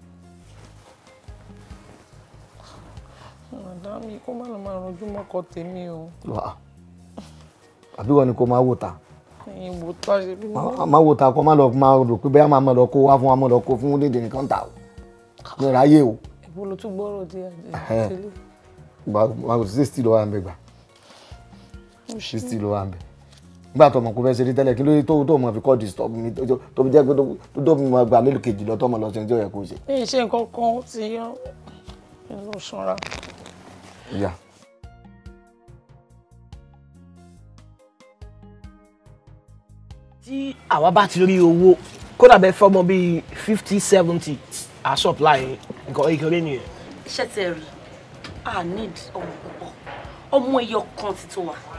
màdámì kó má lọ máa ranjú mọ́kọ tèmi o. àbí wọn ni kó máa wò ta. ìwò ta ṣe bí mo. máa wò ta kó má lọ máa rò pé bẹ́ẹ̀ máa lọ kó wá fún wa máa lọ kó fún dídì nìkan ta o. ní ìráyè o. ìbò ló tún gbọ́rọ̀ di àjẹjẹrẹ. gbàgbọ́ sixty ló wà ń bẹ gbà sixty ló wà ń bẹ nígbà tó mọ̀ kó fẹ́ẹ́ ṣe rí tẹ́lẹ̀ kí ló tó tó mọ̀ fi kọ́ disturb mi tó fi jẹ́ pé tó tó fi mọ̀ gbà mélòó kejì lọ tọ́mọ lọ sí ní tí ó yẹ kó ṣe. mi ṣe nǹkan kan tí yóò sanra. tí àwa bá ti rí owó kódà bẹ fọmọ bíi fifty seventy a supply nǹkan ìkéré nìyẹn. iṣẹ́ tẹ̀ rí i need ọmọ púpọ̀ ọmọ ẹyọ kan ti tó wa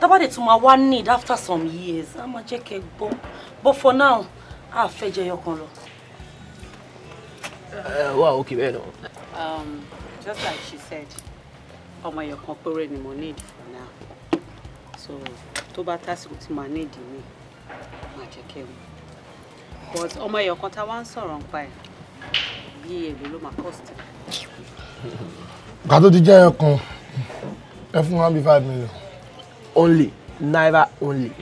tábàdé tún máa wá need after some years a check jẹ́ kẹ́ but for now a fẹ́ jẹyọ kan lọ. wà á òkè bẹ́ẹ̀ Um, just like she said ọmọ ẹ̀yọ̀ kan ni mo need for now so tó bá tásìkò tí màá need mi màá jẹ́ kẹ́ mu but ọmọ ẹ̀yọ̀ kan tá a wá ń sọ̀rọ̀ nípa ẹ̀ bí èlò cost. ìgbà tó ti jẹ́ ẹ̀kan ẹ fún wa bíi five million only naira only.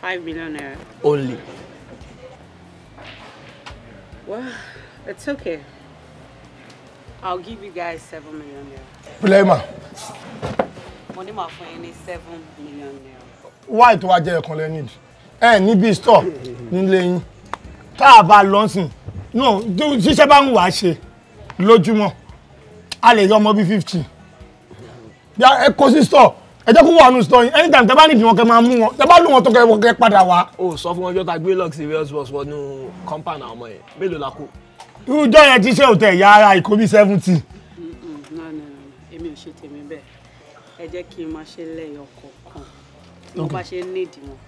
five million naira. Only. Well, it's okay. I'll give you guys seven million naira. Bulema. Money ma for any seven million naira. Why tó wá jẹ́ ẹ̀kan lẹ́yìn? Ẹ níbi store nílé yín. Tá a bá lọ́sìn. No, ṣíṣẹ́ bá ń wàá ṣe lójúmọ́ a lè yọ ọmọ bíi fifty bí ẹ kó sí store ẹ jẹ́ kó wà nù store yìí anytime tẹ́ bá nìdí wọn kẹ́ máa mú wọn tẹ́ bá lù wọn tó kẹ́ wọ́n kẹ́ padà wá. o sọ fún ọjọ́ ta gbé lọ́ọ̀kì serious bus wọnú compound àwọn ọmọ yẹn mélòó la kó. irú jọ yẹn ti ṣe òtẹ̀ ìyá ara ìkó bíi seventy. èmi ò ṣe tèmi bẹ́ẹ̀ ẹ jẹ́ kí n máa ṣe lẹ́yọ̀ kọ̀ọ̀kan tí mo bá ṣe nídìí wọn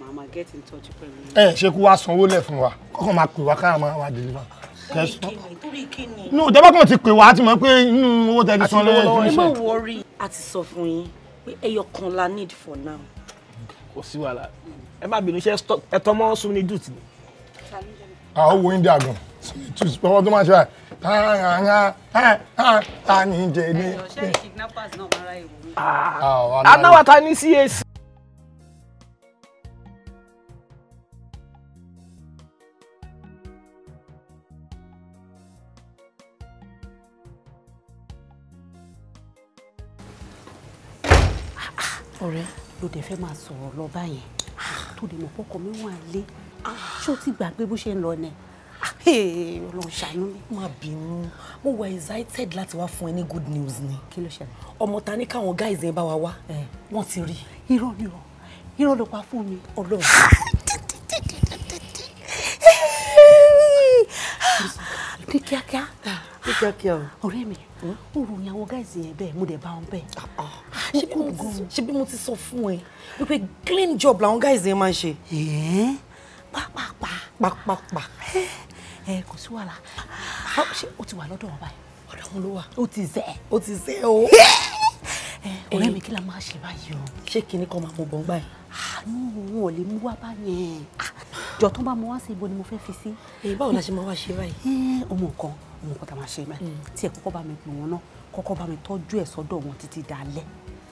màá máa get in touch pẹ̀lú. ẹ ṣe kó wá sanwó lẹ̀ fún wa kọ́kàn máa pè wá káà máa wá deliver kẹsàn. torí kíni. nù tẹ́bá kan ti pè wá ti mọ̀ pé inú owó tẹ́lẹ̀ san lọ́wọ́ ìfún iṣẹ́. ẹ má wọrí a ti sọ fún yín pé ẹyọ kan la need for now. kò sí wàhálà ẹ má bínú iṣẹ́ ẹ tọ́ mọ́ sunni dùt ni. àwọn wo ń dàgùn sunni dùt pọ́wọ́ tó máa ṣe báyìí. anáwó ta ní ah, ah, cac. ọ̀rẹ́ ló dẹ̀ fẹ́ máa sọ̀rọ̀ lọ báyẹn ah. tó dẹ̀ mọ̀ pọ́kọ mi lé ah. ṣó ti gbàgbé bó ṣe ń lọ ni ah, ọlọ́run ṣàánú mi. má bínú mo wà excited láti wá fún ẹ ní good news ni. kí ló ṣẹlẹ̀. ọmọ ta ní káwọn guys yẹn bá wa wá wọ́n ti rí. irọ́ ni o irọ́ ló pa fún mi. ọlọ́run. ní kíákíá. ní kíákíá o. ọ̀rẹ́ mi hmm? ó ròyìn àwọn guys yẹn bẹ́ẹ̀ mo dẹ̀ bá wọn bẹ́ẹ̀ ṣe bí mo ti sọ fún ẹ wípé clean job làwọn guys yẹn máa ń ṣe. pápápá. pápápá. ẹ kò sí wàhálà ṣé o ti wà lọ́dọ̀ wọn báyìí. ọ̀dọ̀ wọn ló wà. o ti zẹ́. o ti zẹ́ o. ọ̀rẹ́ mi kí la máa ṣe báyìí o. ṣé kinní kan máa mú bọ́n báyìí. àánú ò lè mú wá báyẹn. Ah, jọ tó bá mọ wá sí ibo ni mo fẹ́ fi sí. báwo la ṣe máa wá ṣe báyìí. ọmọ nǹkan ọmọ nǹkan tá a máa ṣe báyìí mm. tí ẹ kọ́kọ́ bá mi pè wọn náà kọ́kọ́ bá mi tọ́jú ẹ̀ sọ́dọ̀ wọn títí dalẹ́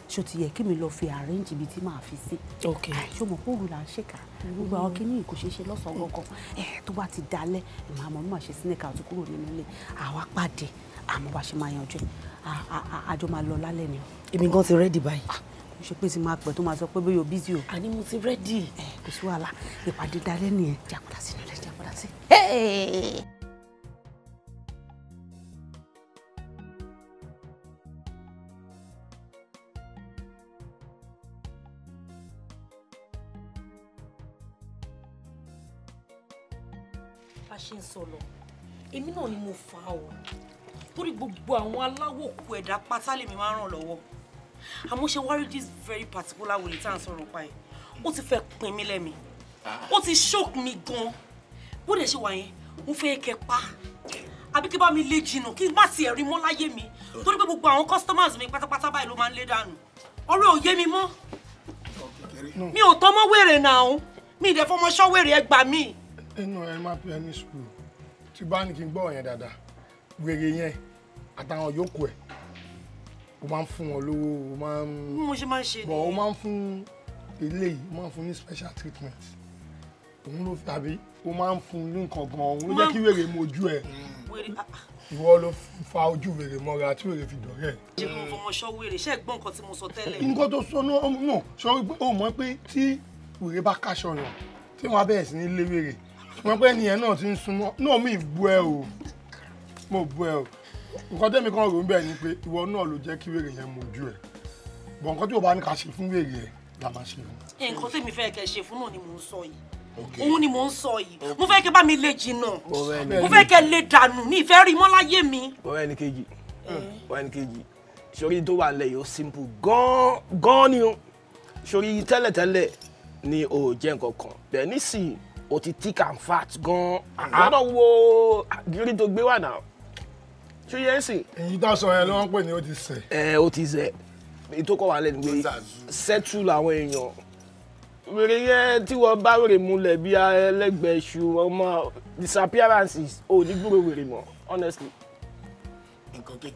ṣó ti yẹ kí mi lọ fi arrange ibi tí màá fi sí. ṣó mọ̀ pé là ń ṣèkà mm-hmm. gbogbo àwọn kìíní kò ṣeé ṣe lọ́sàn-án mm. gangan tó bá ti dalẹ̀ màá mọ̀ mọ̀ ṣe sínẹ́kà tó kúrò nínú ilé àwa pàdé àmọ́ bá ṣe máa yanjú ẹ̀ àjọ máa lọ lálẹ́ ni. èmi gan ti rẹ́dì báyìí. mo ah, ṣe pé tí máa pẹ̀ tó máa sọ pé bóyá o bízí o. àní mo ti rẹ́dì. kò sí wàhálà ìpàdé dalẹ́ nìyẹn jápadà sí nílẹ̀ sí. ṣe ń sọ lọ èmi náà ni mo fà á torí gbogbo àwọn aláwọ̀ òkú ẹ̀dá pátá lèmi máa ń ràn lọ́wọ́ àmọ́ ṣe wá rí this very particular wòlé tá à ń sọ̀rọ̀ pa ẹ̀ ó ti fẹ́ pin mí lẹ́mi ah. ó ti shock mi gan-an bó dẹ̀ ṣe wà yẹn mo fẹ́ kẹ́ pa àbí kí bá mi lé jìnnà kí n má tiẹ̀ rí mọ́ láyé mi torí pé gbogbo àwọn customers mi pátápátá báyìí ló máa ń lé dànù ọ̀rẹ́ ò yé mi mọ́ mi ò tọ́ mọ́ wèrè náà mi ì dẹ̀ fọmọ ṣọ́ wèrè ẹ gbà mí nínú é primary school tí bá ní kí n gbọ́ yẹn dáadáa wèrè yẹn àtàwọn yòókù ẹ̀ o máa ń fún wọn lówó o máa ń. mo ṣe máa ń ṣe nìyẹn bọ̀ o máa ń fún eléyìí o máa ń fún ní special treatment òun ló fi àbí o máa ń fún ní nǹkan gan òun ló jẹ́ kí wèrè mojú ẹ̀ mm. ah, ah. ìwọ ló fa ojú wèrè mọ́ra tí wèrè fi dọ̀rẹ́ ẹ̀. ṣé mo fọmọ ṣọ wèrè ṣé ẹ gbọ́ nǹkan tí mo sọ tẹ́lẹ̀. nǹkan tó sọ náà sọ wípé o mọ̀ pé tí wèrè bá káṣọ yàn tí wọ́n á bẹ̀rẹ̀ sí ní lé wèrè mo pẹ́ nìyẹn náà ti ń súnmọ́ náà mi bu ẹ o mo bu ẹ o nǹkan tẹ́mi kan rò ń bẹ̀ ni pé ìwọ náà ló jẹ́ kí wèrè yẹn mojú ẹ̀ bọ̀ nǹkan tí o bá ní ká ṣe fún wèrè ẹ̀ la máa ṣe fún. nǹkan tí mi fẹ́ kẹ́ ṣe fún náà ni mò ń sọ òun ni mò ń sọ yìí mo fẹ́ kẹ́ bá mi lè jìnnà mo fẹ́ kẹ́ lè dànù ní ìfẹ́ rí mọ́láyé mi. ọ̀rẹ́ ẹni kejì ọ̀rẹ́ ẹni kejì sori tó wà lẹ̀ yóò simple gan-an ni o sori tẹ́lẹ̀tẹ́lẹ̀ ni o jẹ́ nǹkan kan bẹ́ẹ̀ nísìnyí o ti thick and fat gan àná ah, ah. wo gírí tó gbé wà náà ṣé yẹn sì. èyí tá a sọ yẹn ló ń pè ní o ti sẹ. ẹ o ti sẹ èyí tó kọ wà lẹ́nu pé sẹtù làwọn èèyàn wèrè yẹn tí wọ́n bá wèrè múlẹ̀ bí ẹlẹ́gbẹ̀ẹ́ ṣu ọmọ disappearances ò ní gbúrò wèrè mọ́ honestly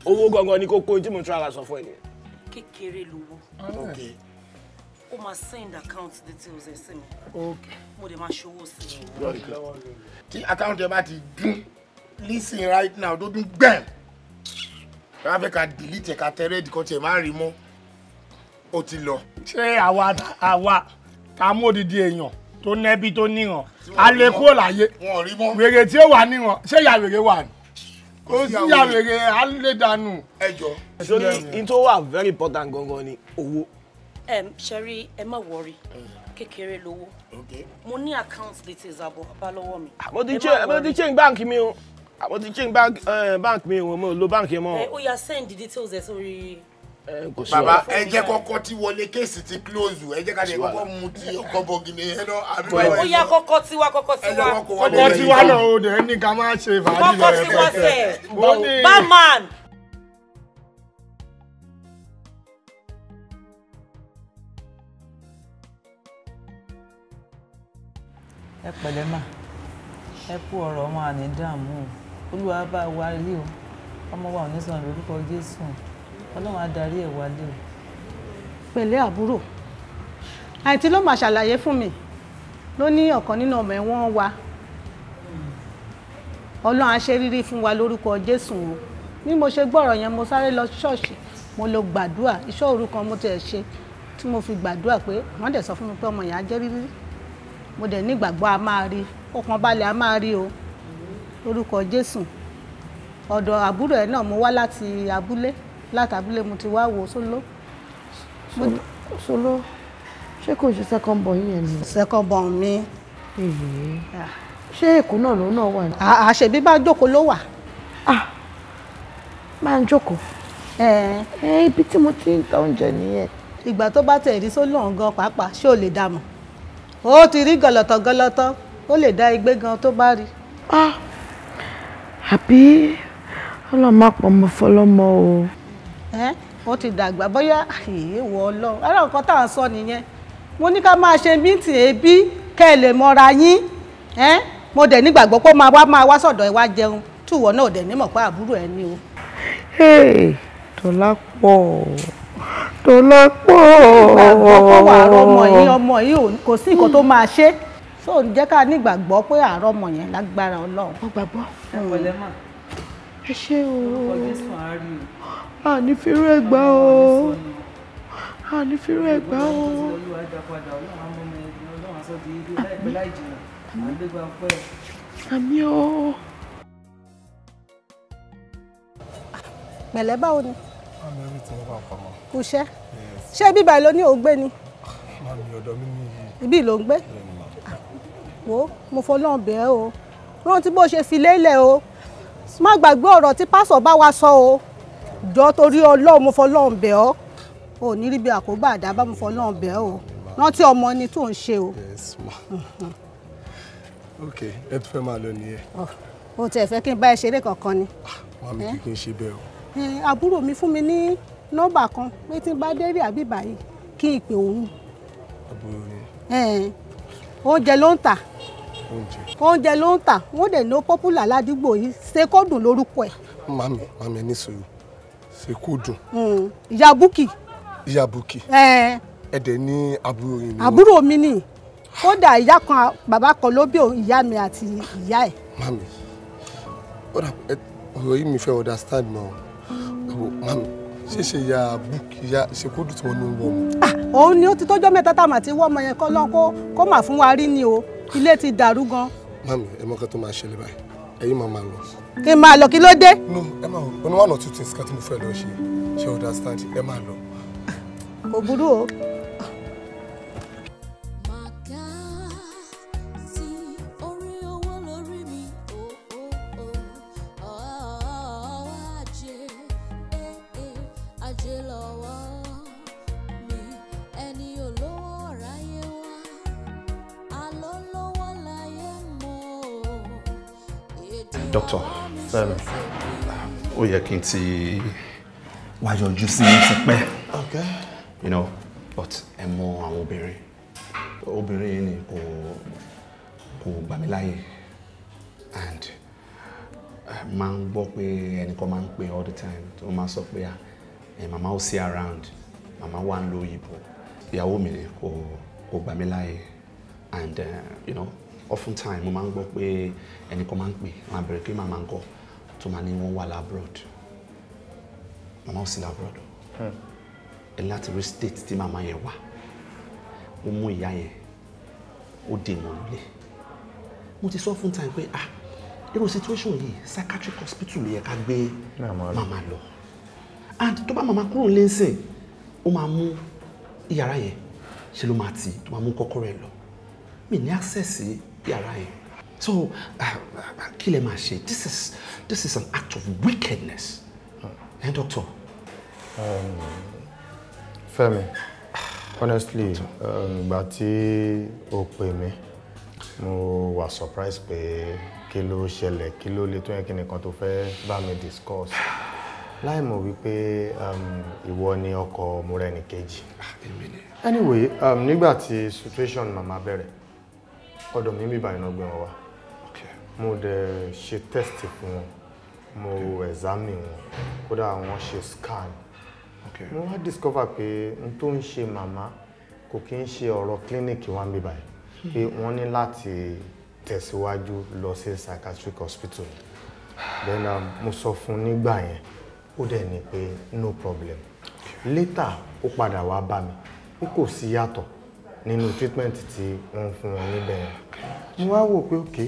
owó gangan ni kókó tí mo tún ara sọ fún ẹ nìyẹn. kékeré lówó. okay ó máa send account details ẹ̀ sí mi. ok mo dẹ̀ máa ṣòwò sí i. tí account ẹ bá ti dún listen right now tó dún gbẹ̀m wọ́n á fẹ́ ka delete ẹ̀ ka tẹ red kan tiẹ̀ má rí mọ́ ó ti lọ. ṣé àwa àwa ta mú odidi èèyàn tó nẹ́bí tó níran a lè kúrò láyé wèrè tí ó wà níran ṣé ìyá wèrè wà ní kò sí ìyá wèrè a lè dànù. ẹ jọ. ìṣòro ní tó wà very important gangan ni owó. Sherry, ẹ má wọrí mm. kékeré lówó mo ní account details àbọ̀ bá lọ́wọ́ mi. Ah, ah, mo ti change bank mi o mo ti change bank bank mi o mo lo bank yẹn mọ́. Eh, ó yá send details ẹ sórí. Eh, bàbá ẹ jẹ́ kọ́kọ́ tí wọlé kéèsì ti close ẹ jẹ́ ká lè kọ́kọ́ mu ti ọkọ̀ bọ̀gìnì yẹn lọ. ó yá kọ́kọ́ tiwa kọ́kọ́ tiwa. kọ́kọ́ tiwa náà o dẹ̀ ní ká má ṣe fàájì lọ́rẹ́ kọ́kọ́ tiwa sẹ́ẹ̀ bá man. ẹ pẹ̀lẹ́ mà ẹ kú ọ̀rọ̀ wọn àní dààmú o olúwa bá wa rí o ọmọ wa ò ní sọ̀rọ̀ lórúkọ jésù ọlọ́run á darí ẹ̀ wálé o. pẹ̀lẹ́ àbúrò àǹtí ló mà ṣàlàyé fún mi ló ní ọ̀kan nínú ọmọ ẹ̀wọ̀n wa ọlọ́run á ṣe rírí fún wa lórúkọ jésù o bí mo ṣe gbọ́rọ̀ yẹn mo sáré lọ ṣọ́ọ̀ṣì mo lọ gbàdúrà iṣẹ́ òru kan mo tiẹ̀ ṣe tí mo fi gbàdúrà pé wọ́n dẹ̀ sọ fún mi pé ọmọ yẹn á jẹ́ rírí mo dẹ̀ nígbàgbọ́ a máa rí ọkàn balẹ̀ a máa rí o lórúkọ Jésù ọ̀dọ̀ àbúrò ẹ̀ náà mo wá láti abúlé láti abúlé mo ti wá wo sóló. sóló ṣé kò ṣe second born yẹn ni. second born mi. Ah. ṣé èkó náà ló náà wà. Ah, àṣebí bá jókòó ló wà. Ah, máa ń jókòó. Eh. Eh, ibi tí mo ti ń ta oúnjẹ nìyẹn. ìgbà tó bá tẹ̀ rí sóló ọ̀gán pàápàá ṣé o lè dà ó ti rí gọlọtọ gọlọtọ ó lè dá igbé gan tó bá rí. àbí ọlọ́mọ pọ̀ mọ́ fọlọ́mọ o. ẹ ó ti dàgbà bóyá èèwọ̀ ọlọ́run ara nǹkan tá à ń sọ nìyẹn mo ní ká máa ṣe mítìn ẹbí kẹ́ ẹ lè mọra yín mo dẹ̀ nígbàgbọ́ pé máa wá máa wá sọ̀dọ̀ ẹ wá jẹun túwọ̀ náà dẹ̀ nímọ̀ pé àbúrò ẹ ní o. Hey, Tọ́lá pọ̀. Dọlápọ̀. nígbà ọmọ yìí kò sí nǹkan tó hmm. máa ṣe so jẹ́ ká nígbàgbọ́ pé àárọ̀ ọmọ yẹn lágbára Ọlọ́run. ó gbàgbọ́. ẹ hmm. pẹ̀lẹ́ mà. ẹ ṣé fírú ẹ̀ gbá o. àní fírú ẹ̀ gbá àmì o. pẹ̀lẹ́ báwo ni. And everything about Mama. Kushe? Yes. Ṣé bíbá ló ní ògbé ni? Mami ọ̀dọ̀ mi ní yìí. Ibí ló ń gbé? Wo mo fọlọ́n bẹ̀ ẹ́ o. Rántí bó ṣe fi lélẹ̀ o. Má gbàgbé ọ̀rọ̀ tí pásọ̀ bá wa sọ o. Jọ torí Ọlọ́run mo fọlọ́n bẹ̀ ọ́. O ò ní rí bí àkóbá àdábá mo fọlọ́n bẹ̀ ọ́ o. Rántí ọmọ ni tó ń ṣe o. Yes ma. Ok, ẹ fẹ́ máa lọ nìyẹn. O tẹ̀ fẹ́ kí n bá ẹ ṣeré kankan ni. Ah, Mami kì í ṣe bẹ́ẹ̀ o àbúrò mi fún mi ní nọ́mbà kan pé tí n bá dé rí àbí báyìí kí n pè òun. àbúrò ni. oúnjẹ ló ń tà oúnjẹ. oúnjẹ ló ń tà wọ́n dẹ̀ ló popular ládùúgbò yìí ṣèkódùn lórúkọ ẹ̀. màmí màmí ẹni sòrò ṣèkódùn. ìyá búkì. ìyá búkì. ẹ dẹ̀ ní àbúrò yìí ni. àbúrò mi ni kódà ìyá kan bàbá kan ló bí ìyá mi àti ìyá ẹ̀. màmí ọ̀rọ̀ yìí mi fẹ́ understand náà ẹ̀wọ̀ mami ṣèṣe ya búùkì ya ṣèkúdù tí wọ́n ní wọ́n mu. Ah, òun ni ó ti tọ́jọ́ mẹ́ta táwọn àti wọ́n ọmọ yẹn kọ́ lọ́n kó mà fún wa rí ni o ilé ti dàrú gan. mami ẹ mọ́kàn tó máa ṣẹlẹ̀ báyìí ẹ̀yin máa máa lọ. kí n máa lọ kí ló dé. no ẹ máa wọ oníwànà tuntun ìsìkà tí mo fẹ́ lọ ṣe ṣe understand ẹ máa lọ. kò burú o doctor ó yẹ kí n ti wá yọjú sí i ti pẹ́ you know but ẹ mọ àwọn obìnrin obìnrin yìí ni kò kò gbà mí láyè and máa ń gbọ́ pé ẹnìkan máa ń pè all the time tó máa sọ pé ah, màmá ò sí around màmá wà ń lo òyìnbó ìyàwó mi ni kò kò gbà mí láyè and uh, you know often time mo máa ń gbọ́ pé ẹnìkan máa ń pè wọn á bẹ̀rẹ̀ pé màmá ń kọ́ tó máa ní wọ́n wà labroad màmá ò sí labroad hmm. ẹ láti rí state tí màmá yẹn wà ó mú ìyá yẹn ó dè mọ́ lulẹ̀ mo ti sọ fún time pé ah irú situation yìí psychiatric hospital yẹ ká gbé màmá lọ and tó bá màmá kúrò lẹ́sìn ó máa mú ìyàrá yẹn ṣe ló máa tì tó máa mú kọ́kọ́rọ́ ẹ lọ mi ní access yàrá yìí so eh, eh, kí lè máa ṣe this is this is an act of wickedness ẹ eh, hey, doctor. Um, Fẹ́mi honestly um, ìgbà um, tí o pè mí mo wà surprise pé kí ló ṣẹlẹ̀ kí ló lè tó yẹn kí nìkan tó fẹ́ bá mi discuss láìmọ̀ wípé um, ìwọ ni ọkọ Mọ́rẹ́níkejì ah, anyway um, nígbà tí situation mama bẹ̀rẹ̀ ọdọ mi ń bíbá iná gbé wọn wá mo ṣe test fún wọn mo examine wọn kódà wọ́n ṣe scan mo wá discover pé n tó ń ṣe màmá kò kí ń ṣe ọ̀rọ̀ clinic wa ń bíbá pé hmm. wọ́n ní láti tẹ̀síwájú lọ sí psychiatric hospital then um, mo sọ fún nígbà yẹn ó dẹ̀ ní pé no problem later ó padà wá bá mi pé nínú treatment tí wọ́n fún wọn níbẹ̀ mo wá wò pé òkè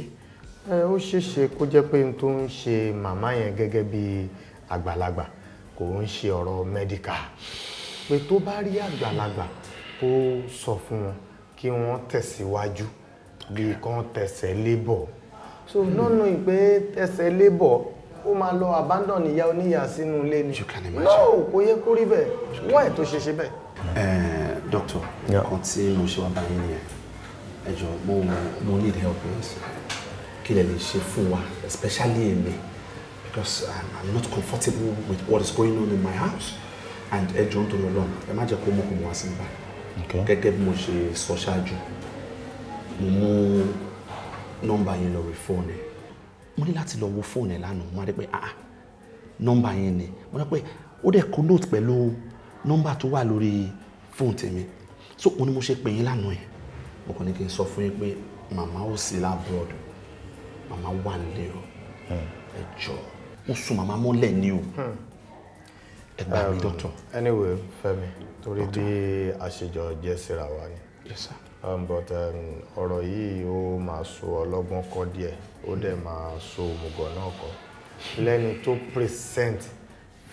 ó ṣeéṣe kó jẹ́ pé n tó ń ṣe màmá yẹn gẹ́gẹ́ bí àgbàlagbà kò ń ṣe ọ̀rọ̀ medical pé tó bá rí àgbàlagbà kó sọ fún wọn kí wọ́n tẹ̀síwájú bí kan tẹ̀sẹ̀ lébọ̀ so nọ́nà ìpè tẹ̀sẹ̀ lébọ̀ ó máa lọ abandon ìyá oníyà sínú ilé ni no kò yẹ kó rí bẹ́ẹ̀ wọ́n ẹ̀ tó ṣe bẹ́ẹ̀. Eh, doctor kan tí mo ṣe wá bá yín nìyẹn need help Kill sí kí lè lè ṣe especially èmi because I'm, I'm not comfortable with what is going on in my house and ẹ jọ ń tó imagine lọ ẹ má jẹ́ kó Okay. Get get wá sí nípa gẹ́gẹ́ bí mo ṣe sọ ṣáájú mo mú nọ́mbà yẹn lọ rí fóònù wo fóònù ẹ̀ lánàá mo ah, ah number in. ni mo rí pé ó dẹ̀ Number note pẹ̀lú nọ́mbà fóònù tèmi so òun ni mo ṣe pè yín lánàá ẹ̀ mo kàn ní kí n sọ fún yín pé màmá ò sí lábúrọ̀d màmá wà nílé o hmm. ẹ jọ mo sùn màmá mọ́lẹ̀ ni o hmm. ẹ gbà mí dọ́tọ̀. Um, anyway Fẹ́mi torí bí àṣejọ jẹ́ síra wa ni. um, but um, ọ̀rọ̀ yìí ó máa so ọlọ́gbọ́n kọ́ díẹ̀ ó dẹ̀ máa so òmùgọ̀ náà kọ́ lẹ́ni tó present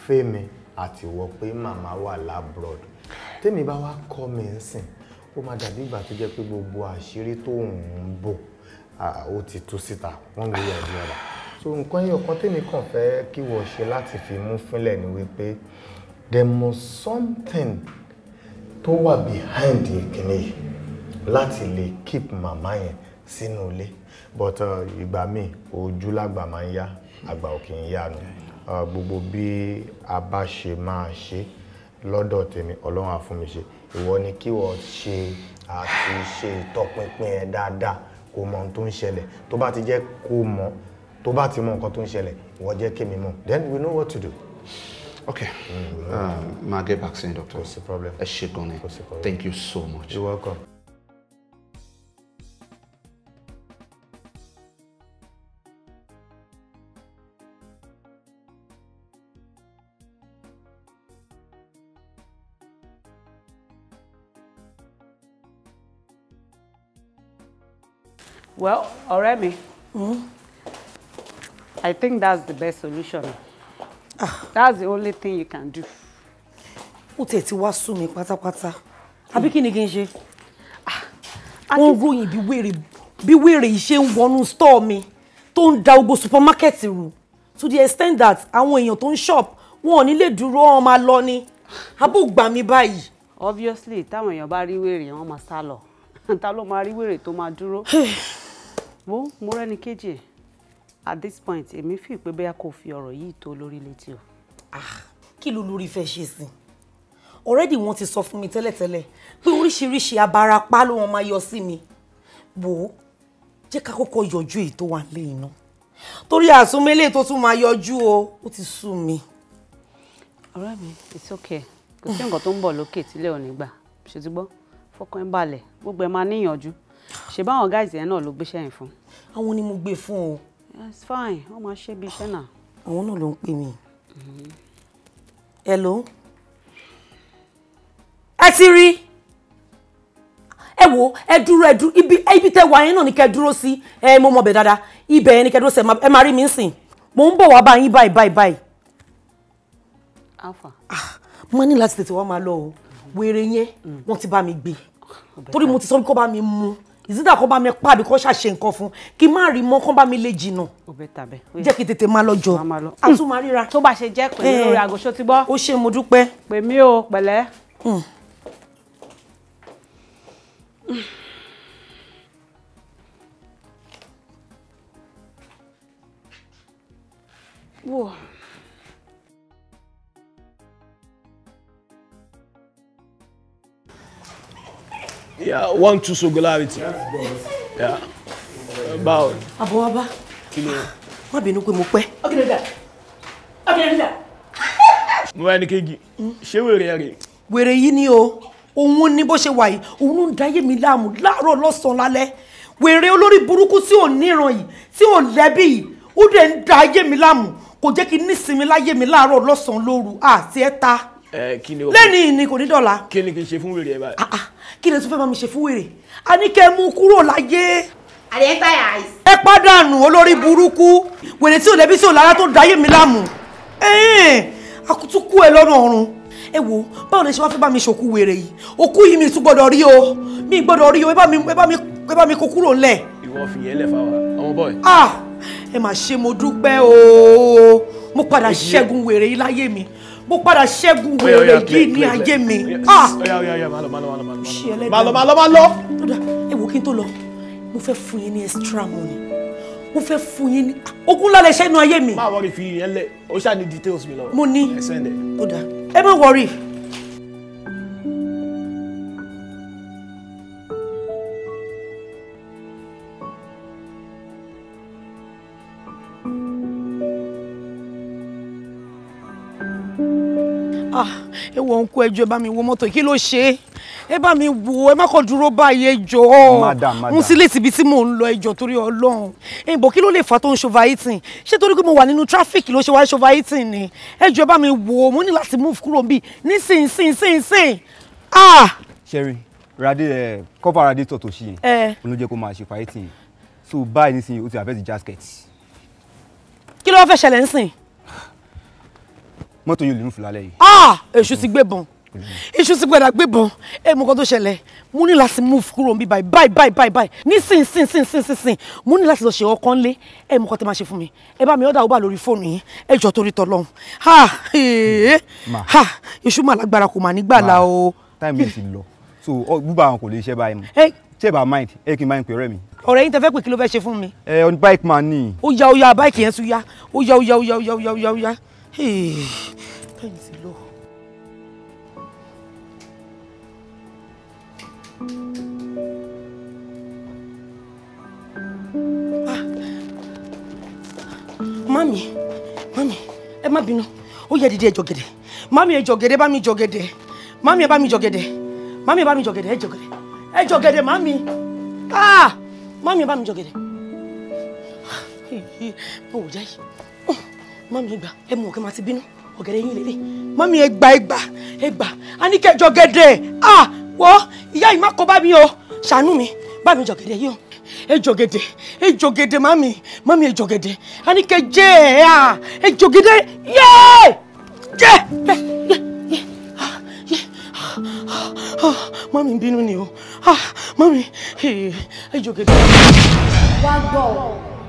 Fẹ́mi àti wọ pé màmá wà labroad tèmi bá wá kọ́ mi ń sìn ó máa dàbí ìgbà tó jẹ́ pé gbogbo àṣírí tó ń bò ó ti tú síta wọ́n ń gbé e ẹ̀dùn ọ̀rà so nǹkan yìí ọ̀kan tèmi kàn fẹ́ kí wọ́n ṣe láti fi mú fúnlẹ̀ ni wípé there must something tó wà behind ìkíní yìí láti lè keep màmá yẹn sínú ilé but uh, ìgbà míì ojú lágbà máa ń yá àgbà ò kì í yá nu uh, gbogbo bí a bá ṣe máa ṣe é lọ́dọ̀ tèmi ọlọ́run á fún mi ṣe ìwọ ni kí wọ́n ṣe àti ṣe ìtọpinpin ẹ̀ dáadáa kó mọ ohun tó ń ṣẹlẹ̀ tó bá ti jẹ́ kó mọ tó bá ti mọ nǹkan tó ń ṣẹlẹ̀ ìwọ jẹ́ kí mi mọ̀ then we know what to do. Okay. Mm, um, I'll get back soon, doctor. No problem? A shit on it. What's problem? Thank you so much. You're welcome. well Oremi, mi hmm? i think that's the best solution ah. that's the only thing you can do. ó tẹ̀ ti wá sú mi pátápátá àbí hmm. kí ni kí n ṣe ah, wọ́n ròyìn bí wèrè bí wèrè yìí ṣe ń store mi tó ń da gbogbo supermarket rú to the extent that àwọn èèyàn tó ń shop wọn ò ní duro dúró wọn máa lọ ni abó gbà mí báyìí. obviously táwọn èèyàn bá rí wèrè wọn máa sá lọ ta ló máa rí to tó duro. dúró wo mo rẹ́ni kejì at this point èmi fi pé bóyá kò fi ọ̀rọ̀ yìí tó lórí létí o. Ah, kí ló lórí fẹ́ ṣe sí i already wọ́n ti sọ fún mi tẹ́lẹ̀tẹ́lẹ̀ pé oríṣiríṣi abarapá ló wọn máa yọ sí mi wò ó jẹ́ ká kọ́kọ́ yọjú èyí tó wà nílé iná torí àsomẹ́lẹ̀ tó tún máa yọjú o ó ti sú mi. ọ̀rẹ́ mi it's okay kò sí nǹkan tó ń bọ̀ lókè tílẹ̀ ò ní gbà ṣètìgbọ́ fọkàn balẹ̀ gbogbo ẹ máa níyànjú ṣe báwọn guys yẹn náà ló gbéṣẹ́ yẹn fún. àwọn ni mo gbé fún o. it's fine wọ́n máa ṣe bí iṣẹ́ náà. àwọn náà ló ń pè mí. Mm-hmm. hello ẹ ti rí ẹ wo ẹ dúró ẹ dúró ibi ibi tẹ wà yẹn náà ni kẹ dúró sí ẹ mo mọ bẹ dáadáa ibẹ̀ yẹn ni kẹ dúró sí ẹ máa rí mi nsìn mo ń bọ̀ wá bá yín báyìí báyìí báyìí. alfa. ah mo ní láti tètè wá máa lọ o wèrè yẹn mm. wọ́n ti bá mi gbé oh, torí mo ti sọ pé kó bá mi mú ìsídà kó bá mi pa àbí kó ṣàṣe nǹkan fún kí má rí mọ́ kó bá mi lè jìnnà. ó bẹ tàbẹ. jẹ́ kí tètè máa lọ jọ àtúmọ̀ ríra. tó bá ṣe jẹ́ pẹ̀lú orí àgọ́ṣọ́ ti bọ́. ó ṣe mo dúpẹ́. pè mí o pẹ̀lẹ́. Hmm. wò. Yeah, one two singularity. Yeah. Bow. Abu Kí ni? Má bínú pé mo pẹ́. Ọ̀gẹ̀dẹ̀ dà. Ọ̀gẹ̀dẹ̀ dà. Mo wá ẹni kejì. Ṣé wèrè rẹ̀? ni o. Òun ni bó ṣe wà yìí. Òun ń dayé mi láàmú láàárọ̀ lọ́sàn-án lálẹ́. Wèrè olórí burúkú tí ò níran yìí, tí ò lẹ́bí yìí. Ó dẹ̀ ń dayé mi láàmú. Kò jẹ́ kí n nísinmi láyé mi láàárọ̀ lọ́sàn loru lóru àti ẹ̀ta. Eh, lẹ́ni ni kò ní dọ̀la. kí ni kí n ṣe fún wèrè ẹ báyìí. Ah, ah, kí ni tún fẹ́ mi ṣe fún wèrè a ní kẹ́ ẹ mú kúrò láyé. àlẹ́ tá yà á yìí. ẹ pàdánù olórí burúkú wèrè tí ò lẹ́bí sí òlára tó dáyé mi láàmú akutuku ẹ lọ́nà ọ̀run ẹ wo báwo lè ṣe wá fẹ́ bá mi ṣòkú wèrè yìí òkú yìí mi tún gbọ́dọ̀ rí o mi gbọ́dọ̀ rí o ẹ bá mi ẹ bá mi kó kúrò lẹ̀. ìwọ fìyẹn lẹ ah ẹ mà o mo padà ṣẹ́gun mi mo padà ṣẹ́gun wèrè yìí ní ayé mi. má lọ má lọ má lọ. ẹ wò kí n tó lọ mo fẹ́ fún yín ní extra money mo fẹ́ fún yín ní okun lálẹ́ iṣẹ́ inú ayé mi. má wọrí fi yẹn lẹ o ṣáà details mi lọ. mo ní ó dáa ẹ má wọrí. ẹ wọ òǹkú ẹjọ ẹ bá mi wo mọ́tò kí ló ṣe ẹ bá mi wo ẹ má kàn dúró báyìí ẹjọ mo sì lè tìbí tí mò ń lọ ẹjọ torí Ọlọ́run ẹyìnbó kí ló lè fà tó ń ṣovaìtìn ṣé torí pé mo wà nínú tráfíkì ló ṣe wá ṣovaìtìn ni ẹjọ ẹ bá mi wo mo ní láti move kúrò bí nísinsìnyìnsìn ah. sherry rade ẹ kọfà rade tọ̀ tó ṣe yẹn ló jẹ́ kó máa ṣe fàìtìn so báyìí nísinsìnyí ó ti àfẹ́ ti jasket. kí ló fẹ́ ṣẹlẹ̀ nísinsìnyí mọ́tò yóò lè rúfin lálẹ́ yìí. ah èṣù ti gbébọn èṣù ti padà gbébọn ẹ mọ nǹkan tó ṣẹlẹ̀ mo ní láti move kúrò níbí báyìí báyìí báyìí báyìí báyìí nísinsìnyìnsìnyìnsìn mo ní láti lọ ṣe ọkàn lé ẹ mọ nǹkan tẹ máa ṣe fún mi ẹ bá mi ọ̀dà ọba lórí fóònù yìí ẹ jọ torí tọlọ́run ha ha èṣù mà lágbára kò mà nígbà la o. táìmù yìí ti lọ so búba àwọn kò lè ṣe báyìí mọ ṣé ìbá mind ẹ kì í mind pẹ̀rẹ́ mi ọ̀rẹ́ yín tẹ fẹ́ pè kí ló fẹ́ ṣe fún mi. ẹ on bike man ni. ó ya ó ya bike yẹn tún ya ó ya ó ya ó ya ó ya ó ya ó ya tẹ́yìn ti lọ. mami mami ẹ má bínú ó yẹ dídí ẹ jọ̀gẹ̀dẹ̀ mami ẹ jọ̀gẹ̀dẹ̀ bá mi jọ̀gẹ̀dẹ̀ mami ẹ bá mi jọ̀gẹ̀dẹ̀ mami ẹ bá mi jọ̀gẹ̀dẹ̀ ẹ jọ̀gẹ̀dẹ̀ ẹ jọ̀gẹ̀dẹ̀ mami ah mami ẹ bá mi jọ̀gẹ̀dẹ̀ báwo jáì. Mami ẹgbà ẹ mú ọ̀kẹ́ máa ti bínú ọ̀gẹ̀dẹ̀ yín lélẹ̀ mọ́mí ẹgbà ẹgbà ẹgbà a ní kẹjọ gẹ̀dẹ̀ à wọ́ ìyá yìí má kọ bá mi o ṣàánú mi bá mi jọ̀gẹ̀dẹ̀ yìí o ẹ jọ̀gẹ̀dẹ̀ ẹ jọ̀gẹ̀dẹ̀ mọ́mí mọ́mí ẹ jọ̀gẹ̀dẹ̀ a ní kẹjẹ ẹ à ẹ jọ̀gẹ̀dẹ̀ yẹ jẹ yẹ yẹ yẹ mọ́mí bínú ni o mọ́mí ẹ jọ̀gẹ̀dẹ̀. wá gbọ́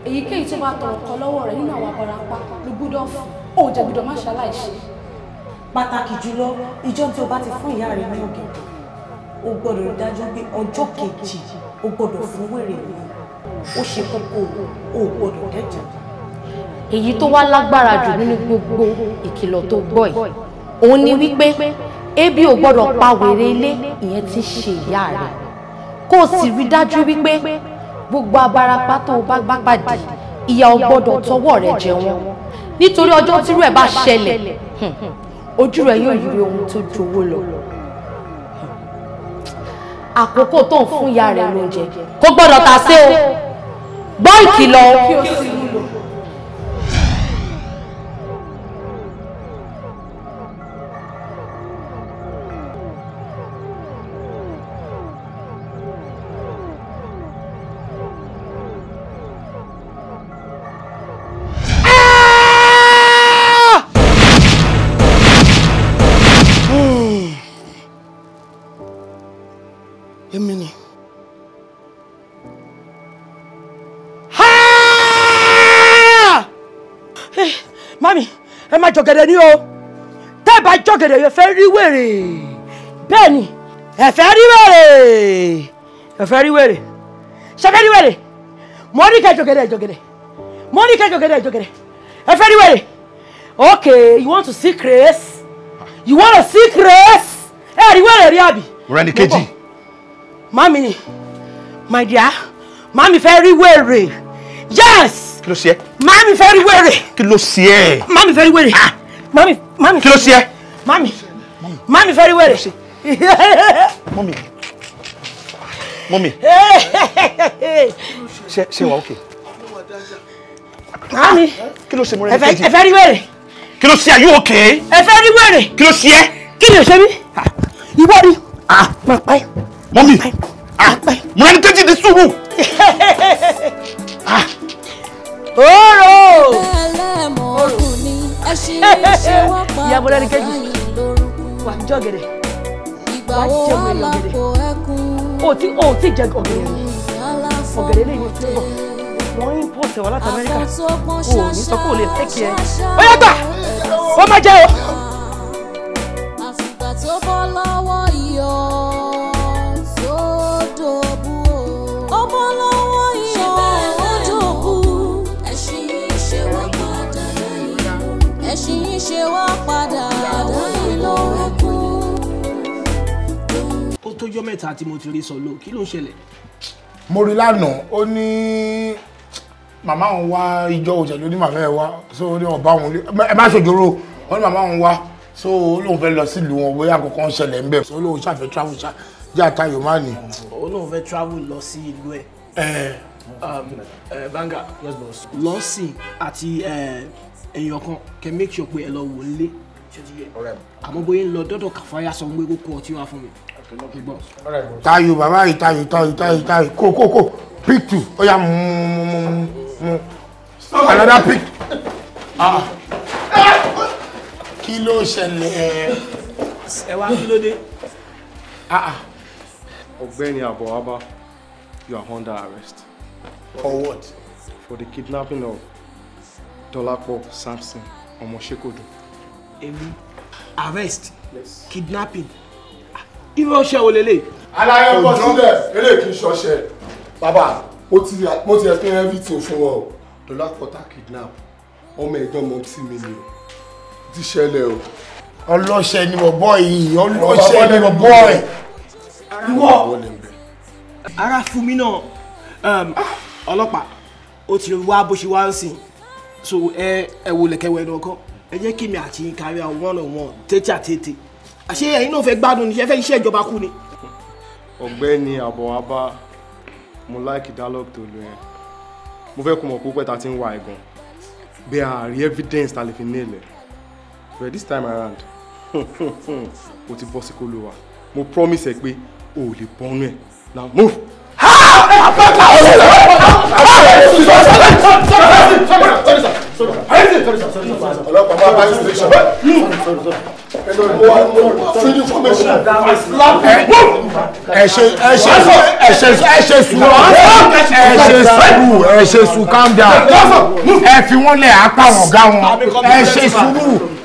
èyíkéyìí tó bá tọrọ kan lọ́wọ́ rẹ̀ nínú àwọn abarapá ló gbọ́dọ̀ fún ó jẹ́ gbọ́dọ̀ má ṣaláìṣe. pàtàkì jùlọ ìjọ tí o bá ti fún ìyá rẹ ní òkè o gbọ́dọ̀ rí dájú pé ọjọ́ kejì o gbọ́dọ̀ fún wèrè mi ó ṣe kókó o gbọ́dọ̀ dẹ́jọ́. èyí tó wá lágbára jù nínú gbogbo ìkìlọ̀ tó gbọ́ yìí òun ni wípé ebi ò gbọ́dọ̀ pa wèrè ilé ìyẹn ti ṣe ìyá rẹ̀ kó o sì rí dájú wípé gbogbo abarapá tó o bá gbàgbàdì ìyà ò gbọ́dọ̀ tọwọ́ rẹ̀ nítorí ọjọ́ tírú ẹ̀ bá ṣẹlẹ̀ ojú rẹ̀ yóò yiri ohun tó ju lọ àkókò tó ń fún ìyá rẹ̀ lóúnjẹ kò gbọ́dọ̀ tà sí o gbọ́ ìkìlọ̀ kí o sì wúlò. o tẹ́ ẹ bá jọ́gẹ̀dẹ̀ yóò fẹ́ rí wèrè bẹ́ẹ̀ ni ẹ fẹ́ rí wèrè ẹ fẹ́ rí wèrè ṣe fẹ́ rí wèrè mo ní kẹ́ jọ́gẹ̀dẹ̀ jọ́gẹ̀dẹ̀ mo ní kẹ́ jọ́gẹ̀dẹ̀ jọ́gẹ̀dẹ̀ ẹ fẹ́ rí wèrè okay you want to see grace you want to see grace ẹ rí wèrè rí àbí. rẹ́ni kejì. mami ni my dear mami fẹ́ rí wèrè yes. kí ló ṣe é. mami fẹ́ rí wèrè. kí ló mami fẹ́ rí wèrè. Ah! mami mami. Kilo ló ṣe ẹ. mami mami very well. wẹ̀rẹ̀. mọ́mì Hey, ṣe ṣe wà ókè. mami kí ló ṣe mo rẹ ní very well. Kilo rí are you okay. ẹ fẹ́ rí Kilo kí ló ṣe ẹ. kí ni o ṣe mí. ah ni. máa pa ẹ. mọ́mì mo rẹ ní kejì ní ah. Oro! Oro! ìyàbọ̀ lẹ́nu kejì wà jọ gẹ̀dẹ̀ wà jẹ wẹ̀rẹ̀ ọ̀gẹ̀dẹ̀ o ti o ti jẹ ọ̀gẹ̀dẹ̀ rẹ̀ ọ̀gẹ̀dẹ̀ lè ní túbọ̀ wọ́n ń pọ̀ tẹ̀wọ́ láti Amẹ́ríkà o ò ní sọ pé o lè tẹ́kì ẹ ó yàgbà ó má jẹ́ o. àfìgbà tó bọ́ lọ́wọ́ iyọ̀. tójọ́ mẹ́ta tí mo ti rí sọ̀lọ́ kí ló ń ṣẹlẹ̀. mo rí lánàá ó ní màmá òun wá ìjọ òṣèlú ní màmá ẹ wá so ó ní ọba òun ẹ má ṣòjòrò ó ní màmá òun wá so olóhùn fẹ́ lọ sílùú wọn bóyá kankan ṣẹlẹ̀ ń bẹ̀ so olóhùn ṣàfẹ́ travel ṣá jẹ́ àtayọ̀ má nì. olóhùn fẹ́ travel lọ sí ìlú ẹ̀. Um, banga lọ́sìn àti èèyàn kan kẹ́ make sure pé ẹ lọ wò ó lé àmọ́ bóyá ń lọ dọ́dọ̀ kàfáyà sọ pé kó kú ọtí wá fún mi tayo Baba, yìí tayo tayo tayo tayo kó kó kó pick two ó yà another pick. Ah. kí ló ṣẹlẹ̀. ẹ wá kí ló dé. Ah, ah. ọ̀gbẹ́ni abọwaba you are under arrest. for what. for the kidnapping of Dolapo Samson Omoshekodo. Emi arrest yes. kidnapping irú ọṣẹ wo lélẹ̀. alayọ kọ sílẹ̀ eléyìí kì í ṣọṣẹ bàbá mo ti mo ti explain everything fún wọn o lọlá kọta kidnap ọmọ ẹ̀gbọ́n mọ sí mi ni o ti ṣẹlẹ̀ o. ọlọ́ṣẹ ni mo bọ́ yìí ọlọ́ṣẹ ni mo bọ́ ẹ̀. ìwọ ara fún mi náà um, ọlọ́pàá ó ti wá bó ṣe wá ń sìn so ẹ ẹ wo lẹ̀kẹ̀wẹ̀ ẹ̀dùn ọkọ ẹ jẹ́ kí mi àti kárí àwọn one on one tètè àtètè àṣé ẹ̀yin náà fẹ́ gbádùn ní ṣẹ́fẹ́ iṣẹ́ ìjọba kú ni. ọ̀gbẹ́ni àbọ̀wábá mo láìkì dialogue tó lu yẹn mo fẹ́ kó mọ̀ púpẹ́ ta ti ń wá ẹ̀gàn bí a rí evidence ta lè fi nílẹ̀ but this time around o ti bọ́ sí kó ló wa mo promise ẹ pé o ò lè bọ́nú ẹ̀ now move. ọlọ́pàá máa bá ṣe ṣe free slap you. ẹ ṣe ẹ ṣe ẹ ṣe ẹ ṣe sùúrù ẹ ṣe calm down ẹ fi wọn lẹ apá wọn gá wọn ẹ ṣe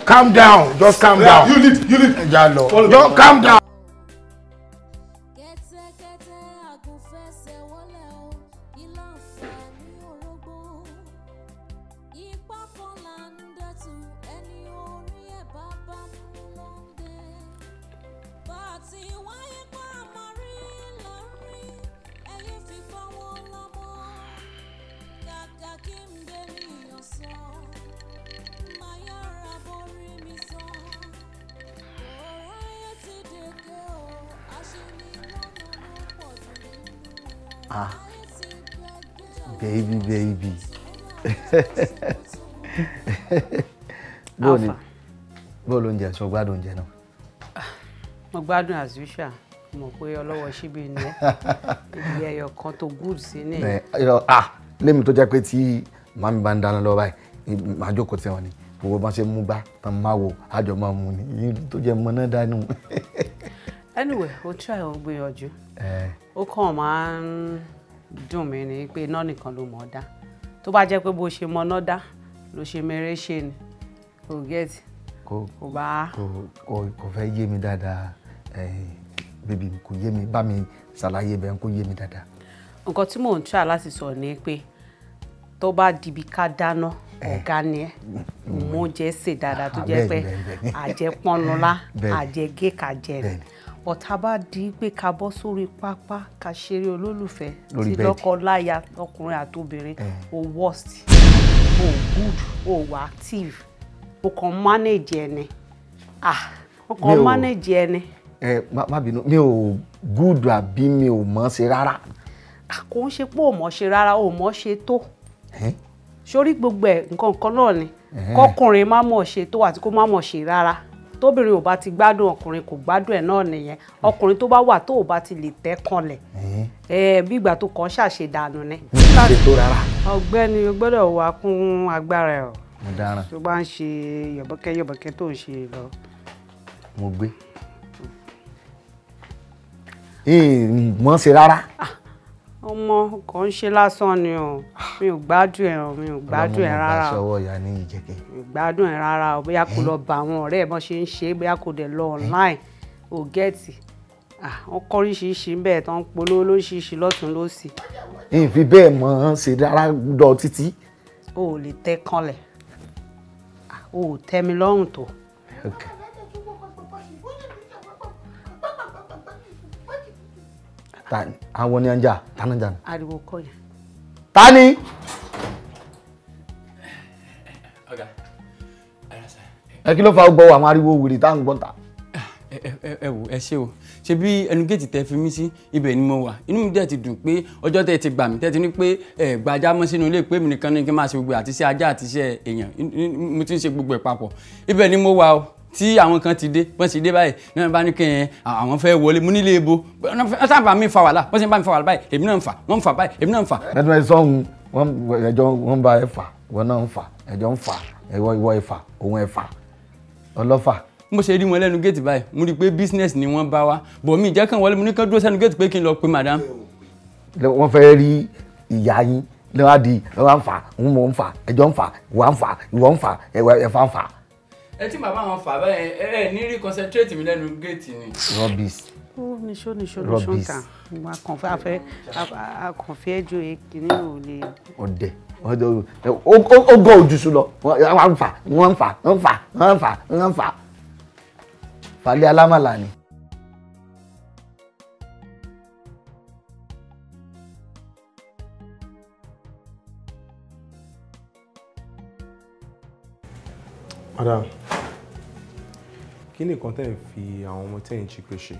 calm down just calm down. you lead you lead. ẹ jà just calm down. baby baby. bóòlù bóòlù oúnjẹ sọ gbádùn oúnjẹ náà. mo gbádùn as usual mọ̀ pé ọlọ́wọ́ ṣíbí ni ẹ́ ibi ẹyọ kan tó good sí ni. lẹ́mi ah, tó jẹ́ pé tí màmí bá ń dáná lọ́wọ́ báyìí màá jókòó tẹ̀wọ̀n ni gbogbo bá ṣe mú gbá tán máa wò àjọ máa mú ni èyí tó jẹ́ mọ́ náà dánú. anyway o try o gbìyànjú eh. ó kàn máa ń dùn mí ni pé iná nìkan ló mọ̀ ọ́ dá tó bá jẹ́ pé bó ṣe mọ ọ́nà dá ló ṣe mèrè ṣe ni kò gẹ́ẹ̀tì kò bá. kò fẹ́ yé mi dáadáa bèbí kò yé mi bá mi ṣàlàyé bẹ́ẹ̀ kò yé mi dáadáa. nǹkan tí mò ń tíra láti sọ ni pé tó bá dibi ká dáná ọ̀gá ni ẹ mo jẹ́ sè dáadáa tó jẹ́ pé àjẹpọnula àjẹgẹ́kàjẹ ni but tá a bá di pé ká bọ́ sórí pápá ká ṣeré olólùfẹ́ tí lọ́kọ láya ọkùnrin àtobìnrin o worst o good o active o kàn manage ẹni ah o kàn manage ẹni. ẹ má bínú mi ò good àbí mi ò mọ̀ ṣe rárá. Ah, kò ń ṣe pé ò mọ̀ ṣe rárá ò mọ̀ ṣe tó sórí gbogbo ẹ̀ nǹkan kan náà ni kọkùnrin má mọ̀ ṣe tó àti kó má mọ̀ ṣe rárá tóbìnrin ò bá ti gbádùn ọkùnrin kò gbádùn ẹ̀ náà nìyẹn ọkùnrin tó bá wà tó ò bá ti lè tẹ́ kanlẹ̀ bí ìgbà tó kàn ṣàṣe dànù ni. ṣe tó rárá. ọ̀gbẹ́ni o gbọ́dọ̀ wà kún agbára ẹ o. mo dáràn. tó bá ń ṣe yọ̀bọ̀kẹ́ yọ̀bọ̀kẹ́ tó ń ṣe lọ. mo gbé. mọ̀ ṣe rárá. ah ọmọ kò ń ṣe lásán ni o mi ò gbádùn ẹ o mi ò gbádùn ẹ rárá o mi ò gbádùn ẹ rárá o bóyá kò lọ bá àwọn ọ̀rẹ́ ẹ̀ ṣe ń ṣe bóyá kò dẹ̀ lọ online ò gẹ́ẹ̀tì wọ́n kọ́ oríṣiríṣi bẹ́ẹ̀ tó ń polówó lóríṣiríṣi lọ́tún lọ́sì. ìfi bẹ́ẹ̀ mọ̀ ọ́n ṣe rárá lọ títí. o ò lè tẹ́ kanlẹ̀ o ò tẹ́ mi lọ́rùn tó. Okay. tani àwọn ni à ń jà tani ń ariwo kọ yẹn. tani. ẹ kí ló fa gbọ́ àwọn ariwo wèrè tá à ń gbọ́ ta. ẹ wò ẹ ṣé o ṣe bí ẹnu géètì tẹ fi mí sí ibẹ̀ ni mo wà inú mi dẹ̀ ti dùn pé ọjọ́ tẹ ti gbà mí tẹ ti ní pé ẹ gbajá mọ́ sínú ilé pé mi nìkan ni kí n máa ṣe gbogbo àtiṣe ajá àtiṣe èèyàn mo ti ń ṣe gbogbo ẹ̀ papọ̀ ibẹ̀ ni mo wà o tí àwọn kan ti dé wọ́n ti dé báyìí náà bá ní kí n àwọn fẹ́ wọlé mú nílé ebo wọ́n sábà mi fa wàhálà wọ́n sì bá mi fa wàhálà báyìí èmi náà ń fà wọ́n ń fà báyìí èmi náà ń fà. ẹnu ẹ sọhun wọn ẹjọ wọn bá ẹ fà wọn náà ń fà ẹjọ ń fa ẹwọ ìwọ ẹ fà òun ẹ fà ọlọ́fà mo ṣe rí wọn lẹ́nu géètì báyìí mo rí i pé business ni wọ́n bá wa bọ̀ mí ìjẹ́ kàn wọlé mo ní kán dúró sẹ́nu géètì pé kí n lọ pe madam. wọ́n fẹ́ rí ìyá yín lọ́wọ́ di lọ́wọ́ ń fà ń mọ̀ ń fà ẹjọ́ ń fà ìwà ń fà ìwọ ń ẹ tí bàbá wọn fà bẹ́ẹ̀ ẹ ẹ ní rí concentrate mi lẹ́nu géètì ni. rubbish. ó níṣó níṣó níṣó nǹkan ìwà àkànfẹ́ afẹ́ àkànfẹ́ ju èkìní ò lè. ọ̀dẹ̀ ó gọ́ ojúṣu lọ wọ́n ń fà wọ́n ń fà wọ́n ń fà wọ́n ń fà wọ́n ń fà fàlẹ́ alámàlà ni. Madam kí ni nǹkan tẹ́ ń fi àwọn ọmọ tẹ́ ń ṣìpè ṣe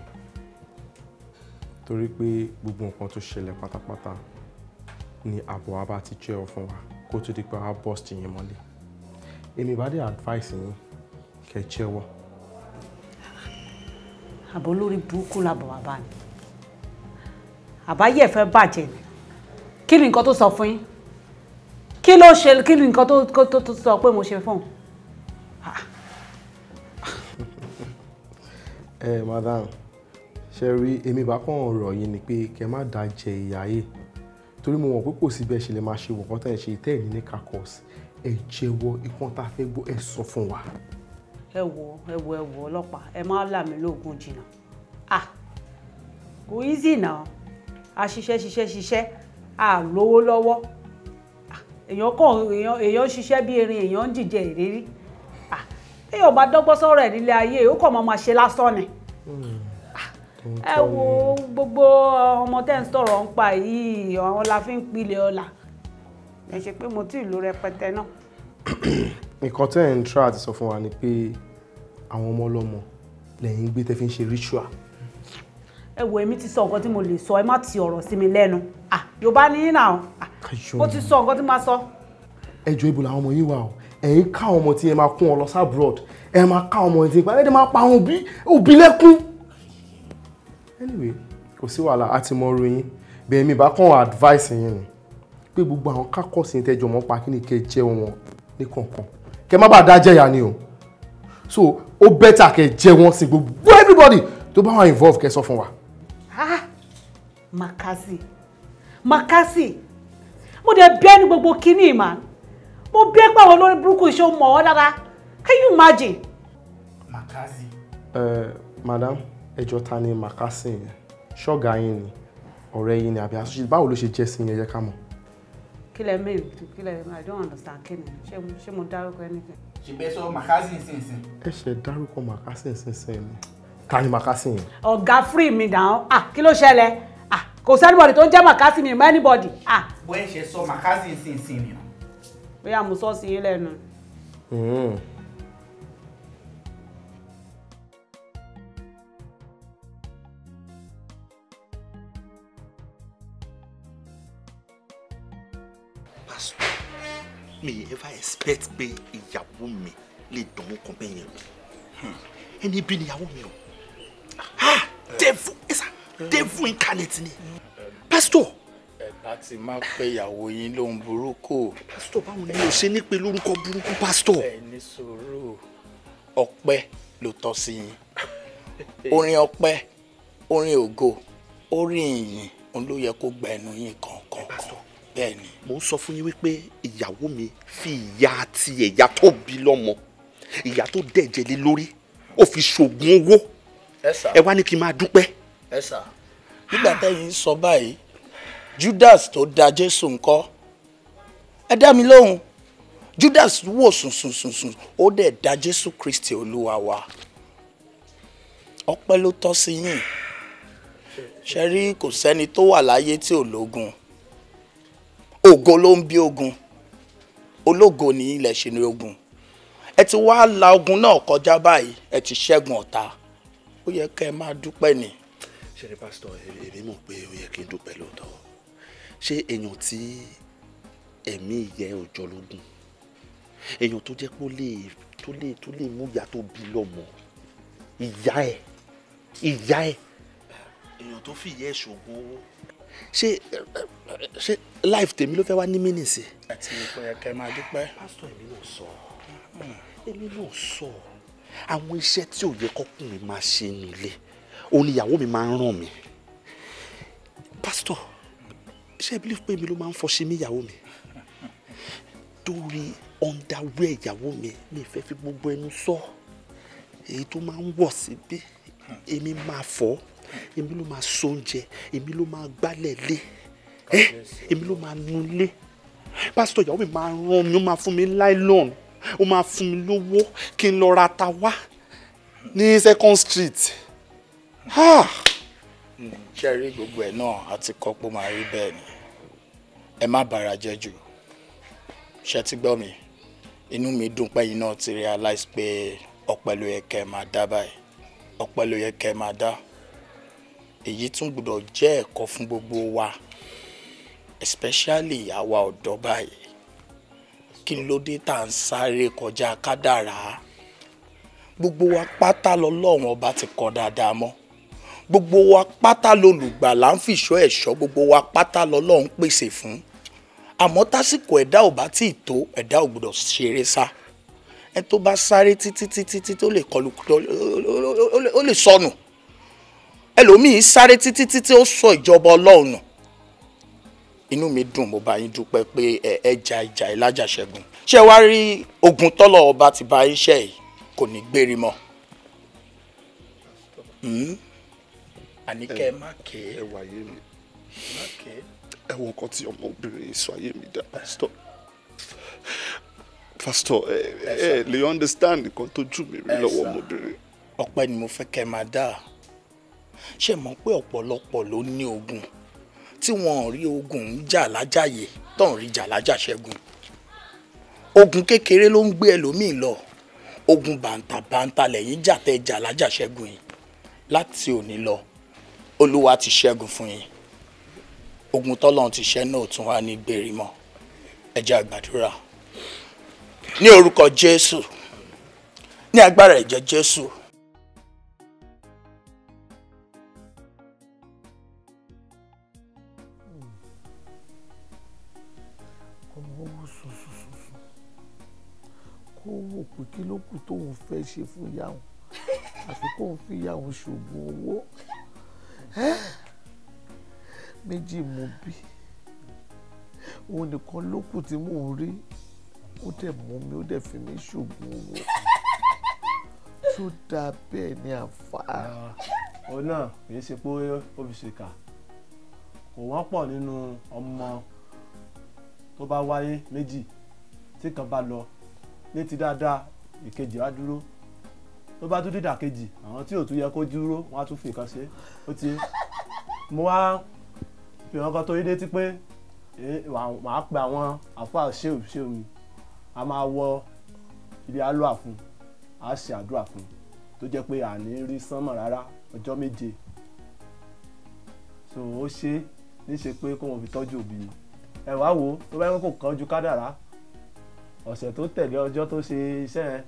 torí pé gbogbo nǹkan tó ṣẹlẹ̀ pátápátá ni àbọ̀ wa bá ti jẹ́ ọ fún wa kó tó di pé wa bọ́ọ̀sì yẹn mọ́lẹ̀ èmi bá dé advice yín kẹ́ jẹ́wọ́. àbò lórí burúkú làbọ̀ wá bá ní àbáyé ẹ̀fẹ́ bàjẹ́ ni kí ni nǹkan tó sọ fún yín kí ló ṣe kí ni nǹkan tó sọ pé mo ṣe fún un. ẹ madam ṣe rí èmi bá kàn rọ̀ yín ni pé kẹ́ má da jẹ ìyá yìí torí mo mọ̀ pé kò sí bẹ́ẹ̀ ṣe lè máa ṣe wọ̀kán tẹ̀ ṣe tẹ̀ ní kakọ́s ẹ jẹ́wọ́ ikán tá a fẹ́ gbọ́ ẹ sọ fún wa. ẹ wò ẹ wò ẹ wò ọlọ́pàá ẹ má là mí lóògùn jìnnà à kò easy náà a ṣiṣẹ́ ṣiṣẹ́ ṣiṣẹ́ a lówó lọ́wọ́ èèyàn kàn èèyàn ṣiṣẹ́ bí erin èèyàn ń dìjẹ ìrírí à èèyàn bá dọ́gbọ́n sọ̀rọ̀ ẹ̀ nílé ayé ó kàn máa máa ṣe lásán ni. Hmm. Ah, ẹ wo gbogbo ọmọ tẹ́ ń sọ̀rọ̀ ń pa yìí àwọn la fi ń pilẹ̀ ọ̀la ẹ ṣe pé mo ti ìlú rẹpẹtẹ náà. nǹkan tẹ́ ẹ̀ ń tra àti sọ fún wa ni pé àwọn ọmọ ọlọ́mọ lẹ́yìn gbé tẹ́ fi ń ṣe ritual. ẹ wo èmi ti sọ nǹkan tí mo lè sọ ẹ má ti ọ̀rọ̀ sí mi lẹ́nu ah, yorùbá ní yín náà ó ah, ti sọ nǹkan tí máa sọ. ẹ jọ ibo làwọn ọmọ yín wà o ẹ̀yin ká ọmọ tí ẹ máa kún ọ lọ sí abroad ẹ máa ká ọmọ ẹ̀ tí pa máa pa àwọn òbí lẹ́kún. anyway kò sí wàhálà a ti mọ oru yín bẹ́ẹ̀ mi bá kàn advice yín ni pé gbogbo àwọn kákọ́sì yín tẹ́jọ́ mọ́ pa kí ni kẹ́ jẹ́ wọn ní kọ̀ọ̀kan kẹ́ má bàa dá jẹ́yà ni o so ó bẹ́tà kẹ́ jẹ́ wọn sí gbogbo everybody tó bá wà involve kẹ́ sọ fún wa. ah makasi makasi mo dẹ̀ bẹ́ẹ̀ ni gbogbo kíní ìmọ̀ mo bẹ́ẹ̀ pàwọn lórí burúkú iṣẹ́ mọ̀ ọ́ dára can you imagine Makazi. ẹ madam ẹjọ ta ni Makazi yẹn ṣọ́ọ̀gá yín ni ọ̀rẹ́ yín ni àbí aṣojú báwo ló ṣe jẹ́ sí yẹn yẹ ká mọ̀. kí lẹ mail tó kí lẹ i don't understand kí ni ṣé mo dárúkọ anything. be so Makazi sínsìn. ẹ ṣe dárúkọ Makazi sínsìn ni ta ni Makazi yẹn. ọ̀gá free mi dàn án ah, kí ló ṣẹlẹ̀ ah, kò sẹ́nibọ̀dì tó ń jẹ́ Makazi mi Ah. anybody. bó ẹ ṣe sọ Makazi sínsìn ni. bóyá mo sọ sí yín Hmm. mi ever expect pé ìyàwó mi lè dùn ún kan bẹ́ẹ̀ yẹn hmm. ẹni bí níyàwó mi o devil ẹ̀sà devil incarnate ni pastor. ẹ̀dá ti máa pé ìyàwó yín lóhun burúkú. pastor báwo ni o ṣe ní pé lórúkọ burúkú pastor. ẹ ní sùúrù ọpẹ́ ló tọ́ sí yín orin ọpẹ́ orin ògo orin ìyìn ló yẹ kó gba ẹnu yín kankan bẹ́ẹ̀ni. mo ń sọ fún yín wípé ìyàwó mi fi ìyá àti ẹ̀yà tó bí lọ́mọ ìyá tó dẹ̀jẹ̀ lé lórí ó fi ṣoògùn owó ẹ wá ní kí n máa dúpẹ́. ẹ sà nígbà tẹ́yìn sọ báyìí Judas tó da Jésù ńkọ́ ẹ dá mi lóhùn Judas wò sùnsùnsùnsùn ó dẹ̀ da Jésù Kristi Olúwa wa ọpẹ́ ló tọ́ sí yín ṣe rí kò sẹ́ni tó wà láyé tí ò lógun ògo ló ń bí ogun ológo ní ilẹ̀ ṣe ní ogun ẹ ti wá la ogun náà kọjá báyìí ẹ ti ṣẹ́gun ọ̀tá ó yẹ kẹ́ ẹ máa dúpẹ́ ni. ṣe ni pásítọ̀ èrè mọ̀ pé ó yẹ kí n dúpẹ́ lóòótọ́ ṣé èèyàn tí ẹ̀mí ìyẹ́ òjò lógún èèyàn tó jẹ́ pé ó lè tó lè tó mú ìyá tó bí lọ́mọ ìyá ẹ̀ ìyá ẹ̀. èèyàn tó fi ṣògo ṣé ṣé life tèmi ló fẹ́ wá ní mínì sí. àti ipò ẹ̀kẹ́ máa dúpẹ́. pásítọ̀ èmi náà sọ hmm. èmi náà sọ àwọn iṣẹ́ tí ò yẹ kọ́kùnrin máa ṣe nílé òun ni ìyàwó mi máa ń ràn mí pásítọ̀ ṣé ẹ bílíf pé mi ló máa ń fọṣẹ mi ìyàwó mi torí underwear ìyàwó mi mi fẹ́ fi gbogbo ẹnu sọ èyí tó máa ń wọ̀ síbí èmi máa fọ́ èmi ló máa so oúnjẹ èmi ló máa gbálẹ̀ lé eh, èmi ló máa nu lé pásítọ̀ ìyàwó mi máa rán mi ó máa fún mi láìlọ́ọ̀nù ó máa fún mi lówó kí n lọ ra ata wá ní second street. Ah! ṣe rí gbogbo ẹ̀ náà àti kọ́pọ̀ máa rí bẹ́ẹ̀ ni ẹ má bàrà jẹ́ jù ṣe ti gbọ́ mi inú mi dùn pẹ́yìn náà ti realize pé ọpẹ́ ló yẹ kẹ́ ẹ máa dá báyìí ọpẹ́ ló yẹ kẹ́ ẹ máa dá èyí tún gbọ́dọ̀ jẹ́ ẹ̀kọ́ fún gbogbo wa especially àwa ọ̀dọ́ báyìí kí ló dé tá à ń sáré kọjá kádàrá gbogbo wa pátá lọ́lọ́run ọba ti kọ dáadáa mọ́ gbogbo wa pátá lolùgbà là ń fìṣọ́ ẹ̀ṣọ́ gbogbo wa pátá lọ́lọ́run pèsè fún àmọ́ tásìkò ẹ̀dá ò bá tí ì tó ẹ̀dá ò gbọ́dọ̀ ṣeré sá ẹ tó bá sáré títí títí tó lè kọlu ó lè sọnù ẹlòmíín sáré títí títí ó sọ ìjọba ọlọ́run nù inú mi dùn mo bá yín dúpẹ́ pé ẹ ẹ jà ìjà ìlàjà ṣẹ́gun ṣé wàá rí ogun tọ́lọ̀ ọba ti bá iṣẹ́ yìí kò ní gbérí mọ́ hmm? àníkẹ́ má ké ẹ wà yé mi má ké ẹ wọ nǹkan tí ọmọbìnrin yìí sọ ayé mi dá pásítọ̀ pásítọ̀ ẹ ẹ lè understand nǹkan tó jù mí rí lọ́wọ́ ọmọbìnrin. ọpẹ́ ni mo fẹ́ kẹ́ máa dáa ṣe mọ̀ pé ọ̀pọ̀lọpọ̀ ló ní ogun tí wọn ò rí ogun ń jà lájàyè tó ń rí jà lájà ṣẹ́gun ogun kékeré ló ń gbé ẹlòmíì lọ ogun bàǹtàbàǹtà lẹ́yìn jà tẹ́ jà lájà ṣẹ́gun yìí láti òní lọ olúwa ti ṣẹ́gun fún yín ogun tọ́lọ́run ti ṣẹ́ náà tún wá ní gbèrè mọ́ ẹ jẹ́ àgbàdúrà ní orúkọ jésù ní agbára ẹ̀jẹ̀ jésù ó wò pé kí ló kù tóun fẹ́ ṣe fún ìyá òun àfi kóun fi ìyá òun ṣoògùn owó méjì mo bí òun nìkan ló kù tí mò ń rí ó dẹ̀ mú mi ó dẹ̀ fi mí ṣoògùn owó tó dáa bẹ́ẹ̀ ni àfa. òun náà kì í ṣe pé ó fi ṣèkà kò wọ́n pọ̀ nínú ọmọ tó bá wáyé méjì tí kan bá lọ létí dáadáa ìkejì á dúró tó bá tún dídà kejì àwọn tí ò tún yẹ kó dúró wọn á tún fi kan ṣe ó ti mo wá fi ọkọ tó yédé tí pé màá pe àwọn àfa ṣéwù ṣéwù mi a máa wọ ilé alúà fún a ṣe àdúrà fún tó jẹ́ pé àní rí sánmọ̀ rárá ọjọ́ méje so ó ṣe níṣe pé kó wọn fi tọ́jú òbí ẹ wá wo tó bá yẹ kó kánjú kádàrá ọ̀sẹ̀ tó tẹ̀lé ọjọ́ tó ṣe iṣẹ́ yẹn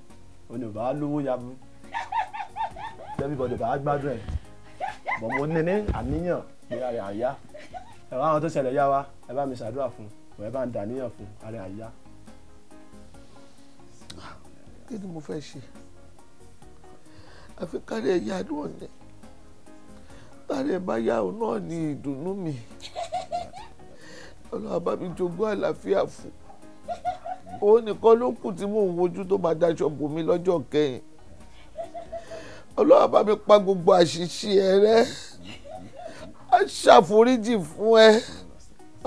olùbá lówó yabu everybody bá gbádùn ẹ̀ bọ̀ mo ní ní àníyàn pé ara àyá ẹ̀rọ àwọn tó ṣẹlẹ̀ yá wa ẹ bá mi ṣàdúrà fún ọ̀ ẹ bá ń dàníyàn fún ara àyá. kí ni mo fẹ́ ṣe àfi kárí ẹ̀ yá àdúrà ni tárí ẹ̀ bá yá òun náà ni ìdùnnú mi ọlọ́wọ́ bá mi jogún àlàáfíà fún òun nìkan ló kù tí mò ń wojú tó máa daṣọ bò mí lọ́jọ́ kẹyìn ọlọ́run bá mi pa gbogbo àṣìṣe ẹ rẹ á ṣàforíjì fún ẹ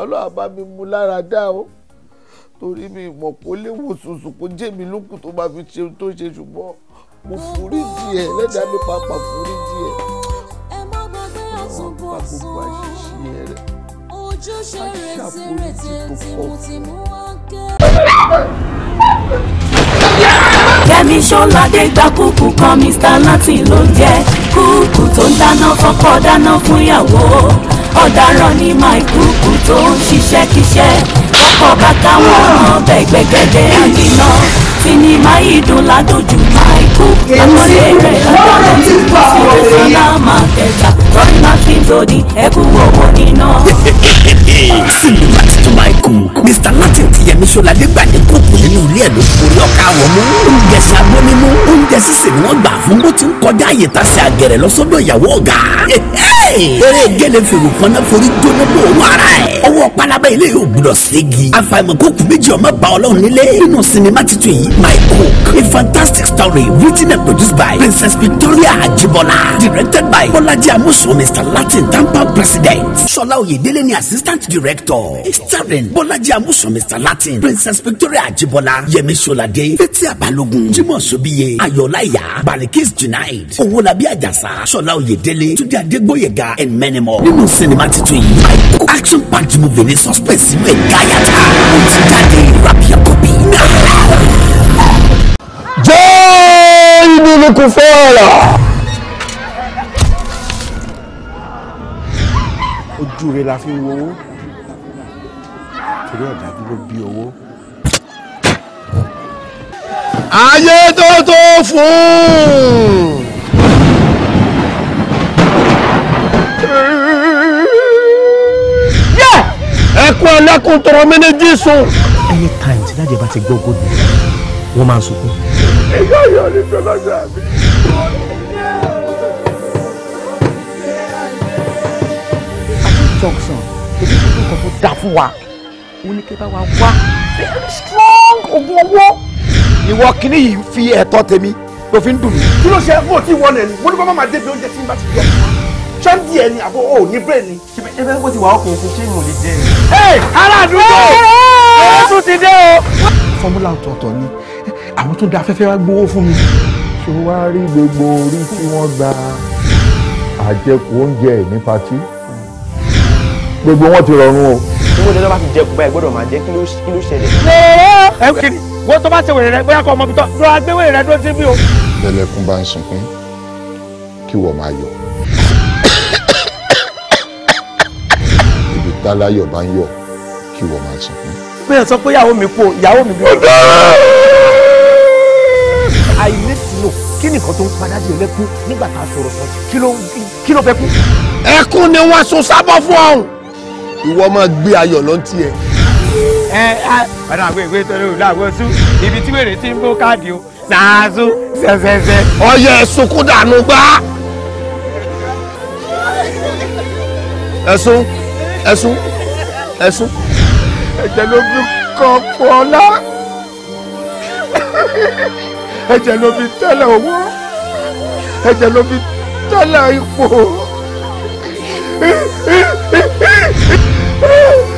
ọlọ́run bá mi mú lára dá o torí mi mọ̀ kó léwu sùsù kó jẹ́ mi lókùn tó máa fi ṣe tó ṣe ṣùgbọ́n mo foríjì ẹ lẹ́dàá mi pàápàá foríjì ẹ ọlọ́run pa gbogbo àṣìṣe ẹ rẹ á ṣàforíjì tó pọ̀ Kẹ́mi Ṣọ́ládé gba kúkú kan Mr. Latin ló ń jẹ́ kúkú tó ń dáná fọ́kọ dáná fún ìyàwó ọ̀daràn ni Mike kúkú tó ń ṣiṣẹ́ kíṣẹ́ ọkọ̀ bàtà wọn ọbẹ̀ gbẹ̀gẹ̀dẹ̀ àgbìnà sinimá ìdùn ládójú Mike kúkú àkọlé rẹ̀ lọ́dọ̀ tí kò sí ọ̀sán náà máa tẹ̀sà torí máa fi tòdì ẹkú owó níná. Cinemax tó máa kú Mr Latin ti yẹmi Ṣọ́ládé gbà ní kókò nínú ilé ẹ̀ ló forí ọ̀ka wọ̀ mú. Oúnjẹ ṣe agbó mímú. Oúnjẹ sísè ni wọ́n gbà fún bó ti ń kọjá àyè tá ṣe àgẹ̀rẹ̀ lọ́sọ́dọ̀ ìyàwó ọ̀gá. Eré gẹ́lẹ́ fèrò kan náà forí jóná bò wọ́n ara ẹ̀. Ọwọ́ pálábá ilé yóò gbúdọ̀ ségi. Àfàìmọ̀ kókò méjì ọmọ bá ọlọ́run nílé. Nínú sinimá titun yìí, My Cook, a fantastic story written and produced by Princess Victoria Ajibola, directed by Bọ́lájí Amus for Mr. Latin Tampa President. Ṣọlá Oyèdélé ni Assistant Director. Starring Bolaji, Amúsàn Mr. Latin. Princess Victoria Ajibola. Yẹmi Ṣọládé. Fẹ́tí Àbálógún. Jimoh Sobiye. Ayọ̀lá Ìyá. Barikis Junaid. Owólabí Àjàsá. Ṣọlá Oyèdélé. Túndé Adégbóyèga and many more. Nínú sinimá titun yìí, action packed movie ní suspense ìwé gáyàtà. Ó ti jáde rábìyà kọ́bí náà. Jẹ́ ìbí ni kò fẹ́ ọ̀rọ̀. ojú rẹ la fi ń wowó torí ọ̀dájú ló bí owó. ayé tó tó fún. ẹkún ẹlẹ́kùn tọrọ méjèèjì sùn. anytime tí dájẹ́ bá ti gbọ́ gómìnà wọ́n máa ń sunkún. ìyá ìyá ni fẹ́lá ṣe àbí. dá fún wa òun ni kí bá wa wá very strong oògùn owó ìwọ kìíní yìí fi ẹ̀tọ́ tèmi ló fi ń dùn mí. kí ló ṣe mo ti wọlé ni mo ní bá má débi oúnjẹ tí n bá ti jẹ ṣáńdì ẹ ni ò ní bẹ́ẹ̀ ni. ṣé bẹ́ẹ̀ ti wà ọkùnrin fún ṣé mo lè jẹ ẹ. ẹ ará àdúgbò ẹ ti dé o. fọmúlà ọ̀tọ̀ọ̀tọ̀ ni àwọn tó da afẹ́fẹ́ wá gbowó fún mi. ṣé wàá rí gbogbo orí tí wọ́n gba àjẹkù oúnjẹ ní patí gbogbo wọn ti rọrùn o owó ìdájọ́ bá ti jẹ kú báyìí gbọ́dọ̀ máa jẹ kí ló ṣẹlẹ̀. wèrè o. ẹ kí ni wọ́n tó bá ṣe wèrè rẹ bóyá kọ́ ọmọ bitọ́ lọ́ra gbé wèrè rẹ dúró sí bí o. lẹ́lẹ́kún bá ń sunkún kí wọ́n máa yọ̀. ibi táláyọ̀ bá ń yọ̀ kí wọ́n máa sunkún. bẹ́ẹ̀ sọ pé ìyàwó mi kú o ìyàwó mi bí o. I need to know kí nìkan tó ń padà di ẹlẹ́kún nígbà tá a sọ̀rọ̀ sọ kí ló fẹ́ kú. ẹkún ni wọ́n sun sábọ̀ fún ọ̀hún ìwọ máa gbé ayọ̀ lọ́ntì ẹ̀. ẹ ẹ ọ̀nà àgbẹ̀ ìwé tọ́lú ìlú àgbọ̀ sún ibi tí wèrè ti ń bó káàdì o ṣáàzú ṣẹṣẹṣẹ. ọyẹ ẹsùn kó dànù gbá. ẹsùn ẹsùn ẹsùn. ẹ̀jẹ̀ ló bí kan pọ̀ ọ́lá ẹ̀jẹ̀ ló fi tẹ́lẹ̀ owó ẹ̀jẹ̀ ló fi tẹ́lẹ̀ ipò.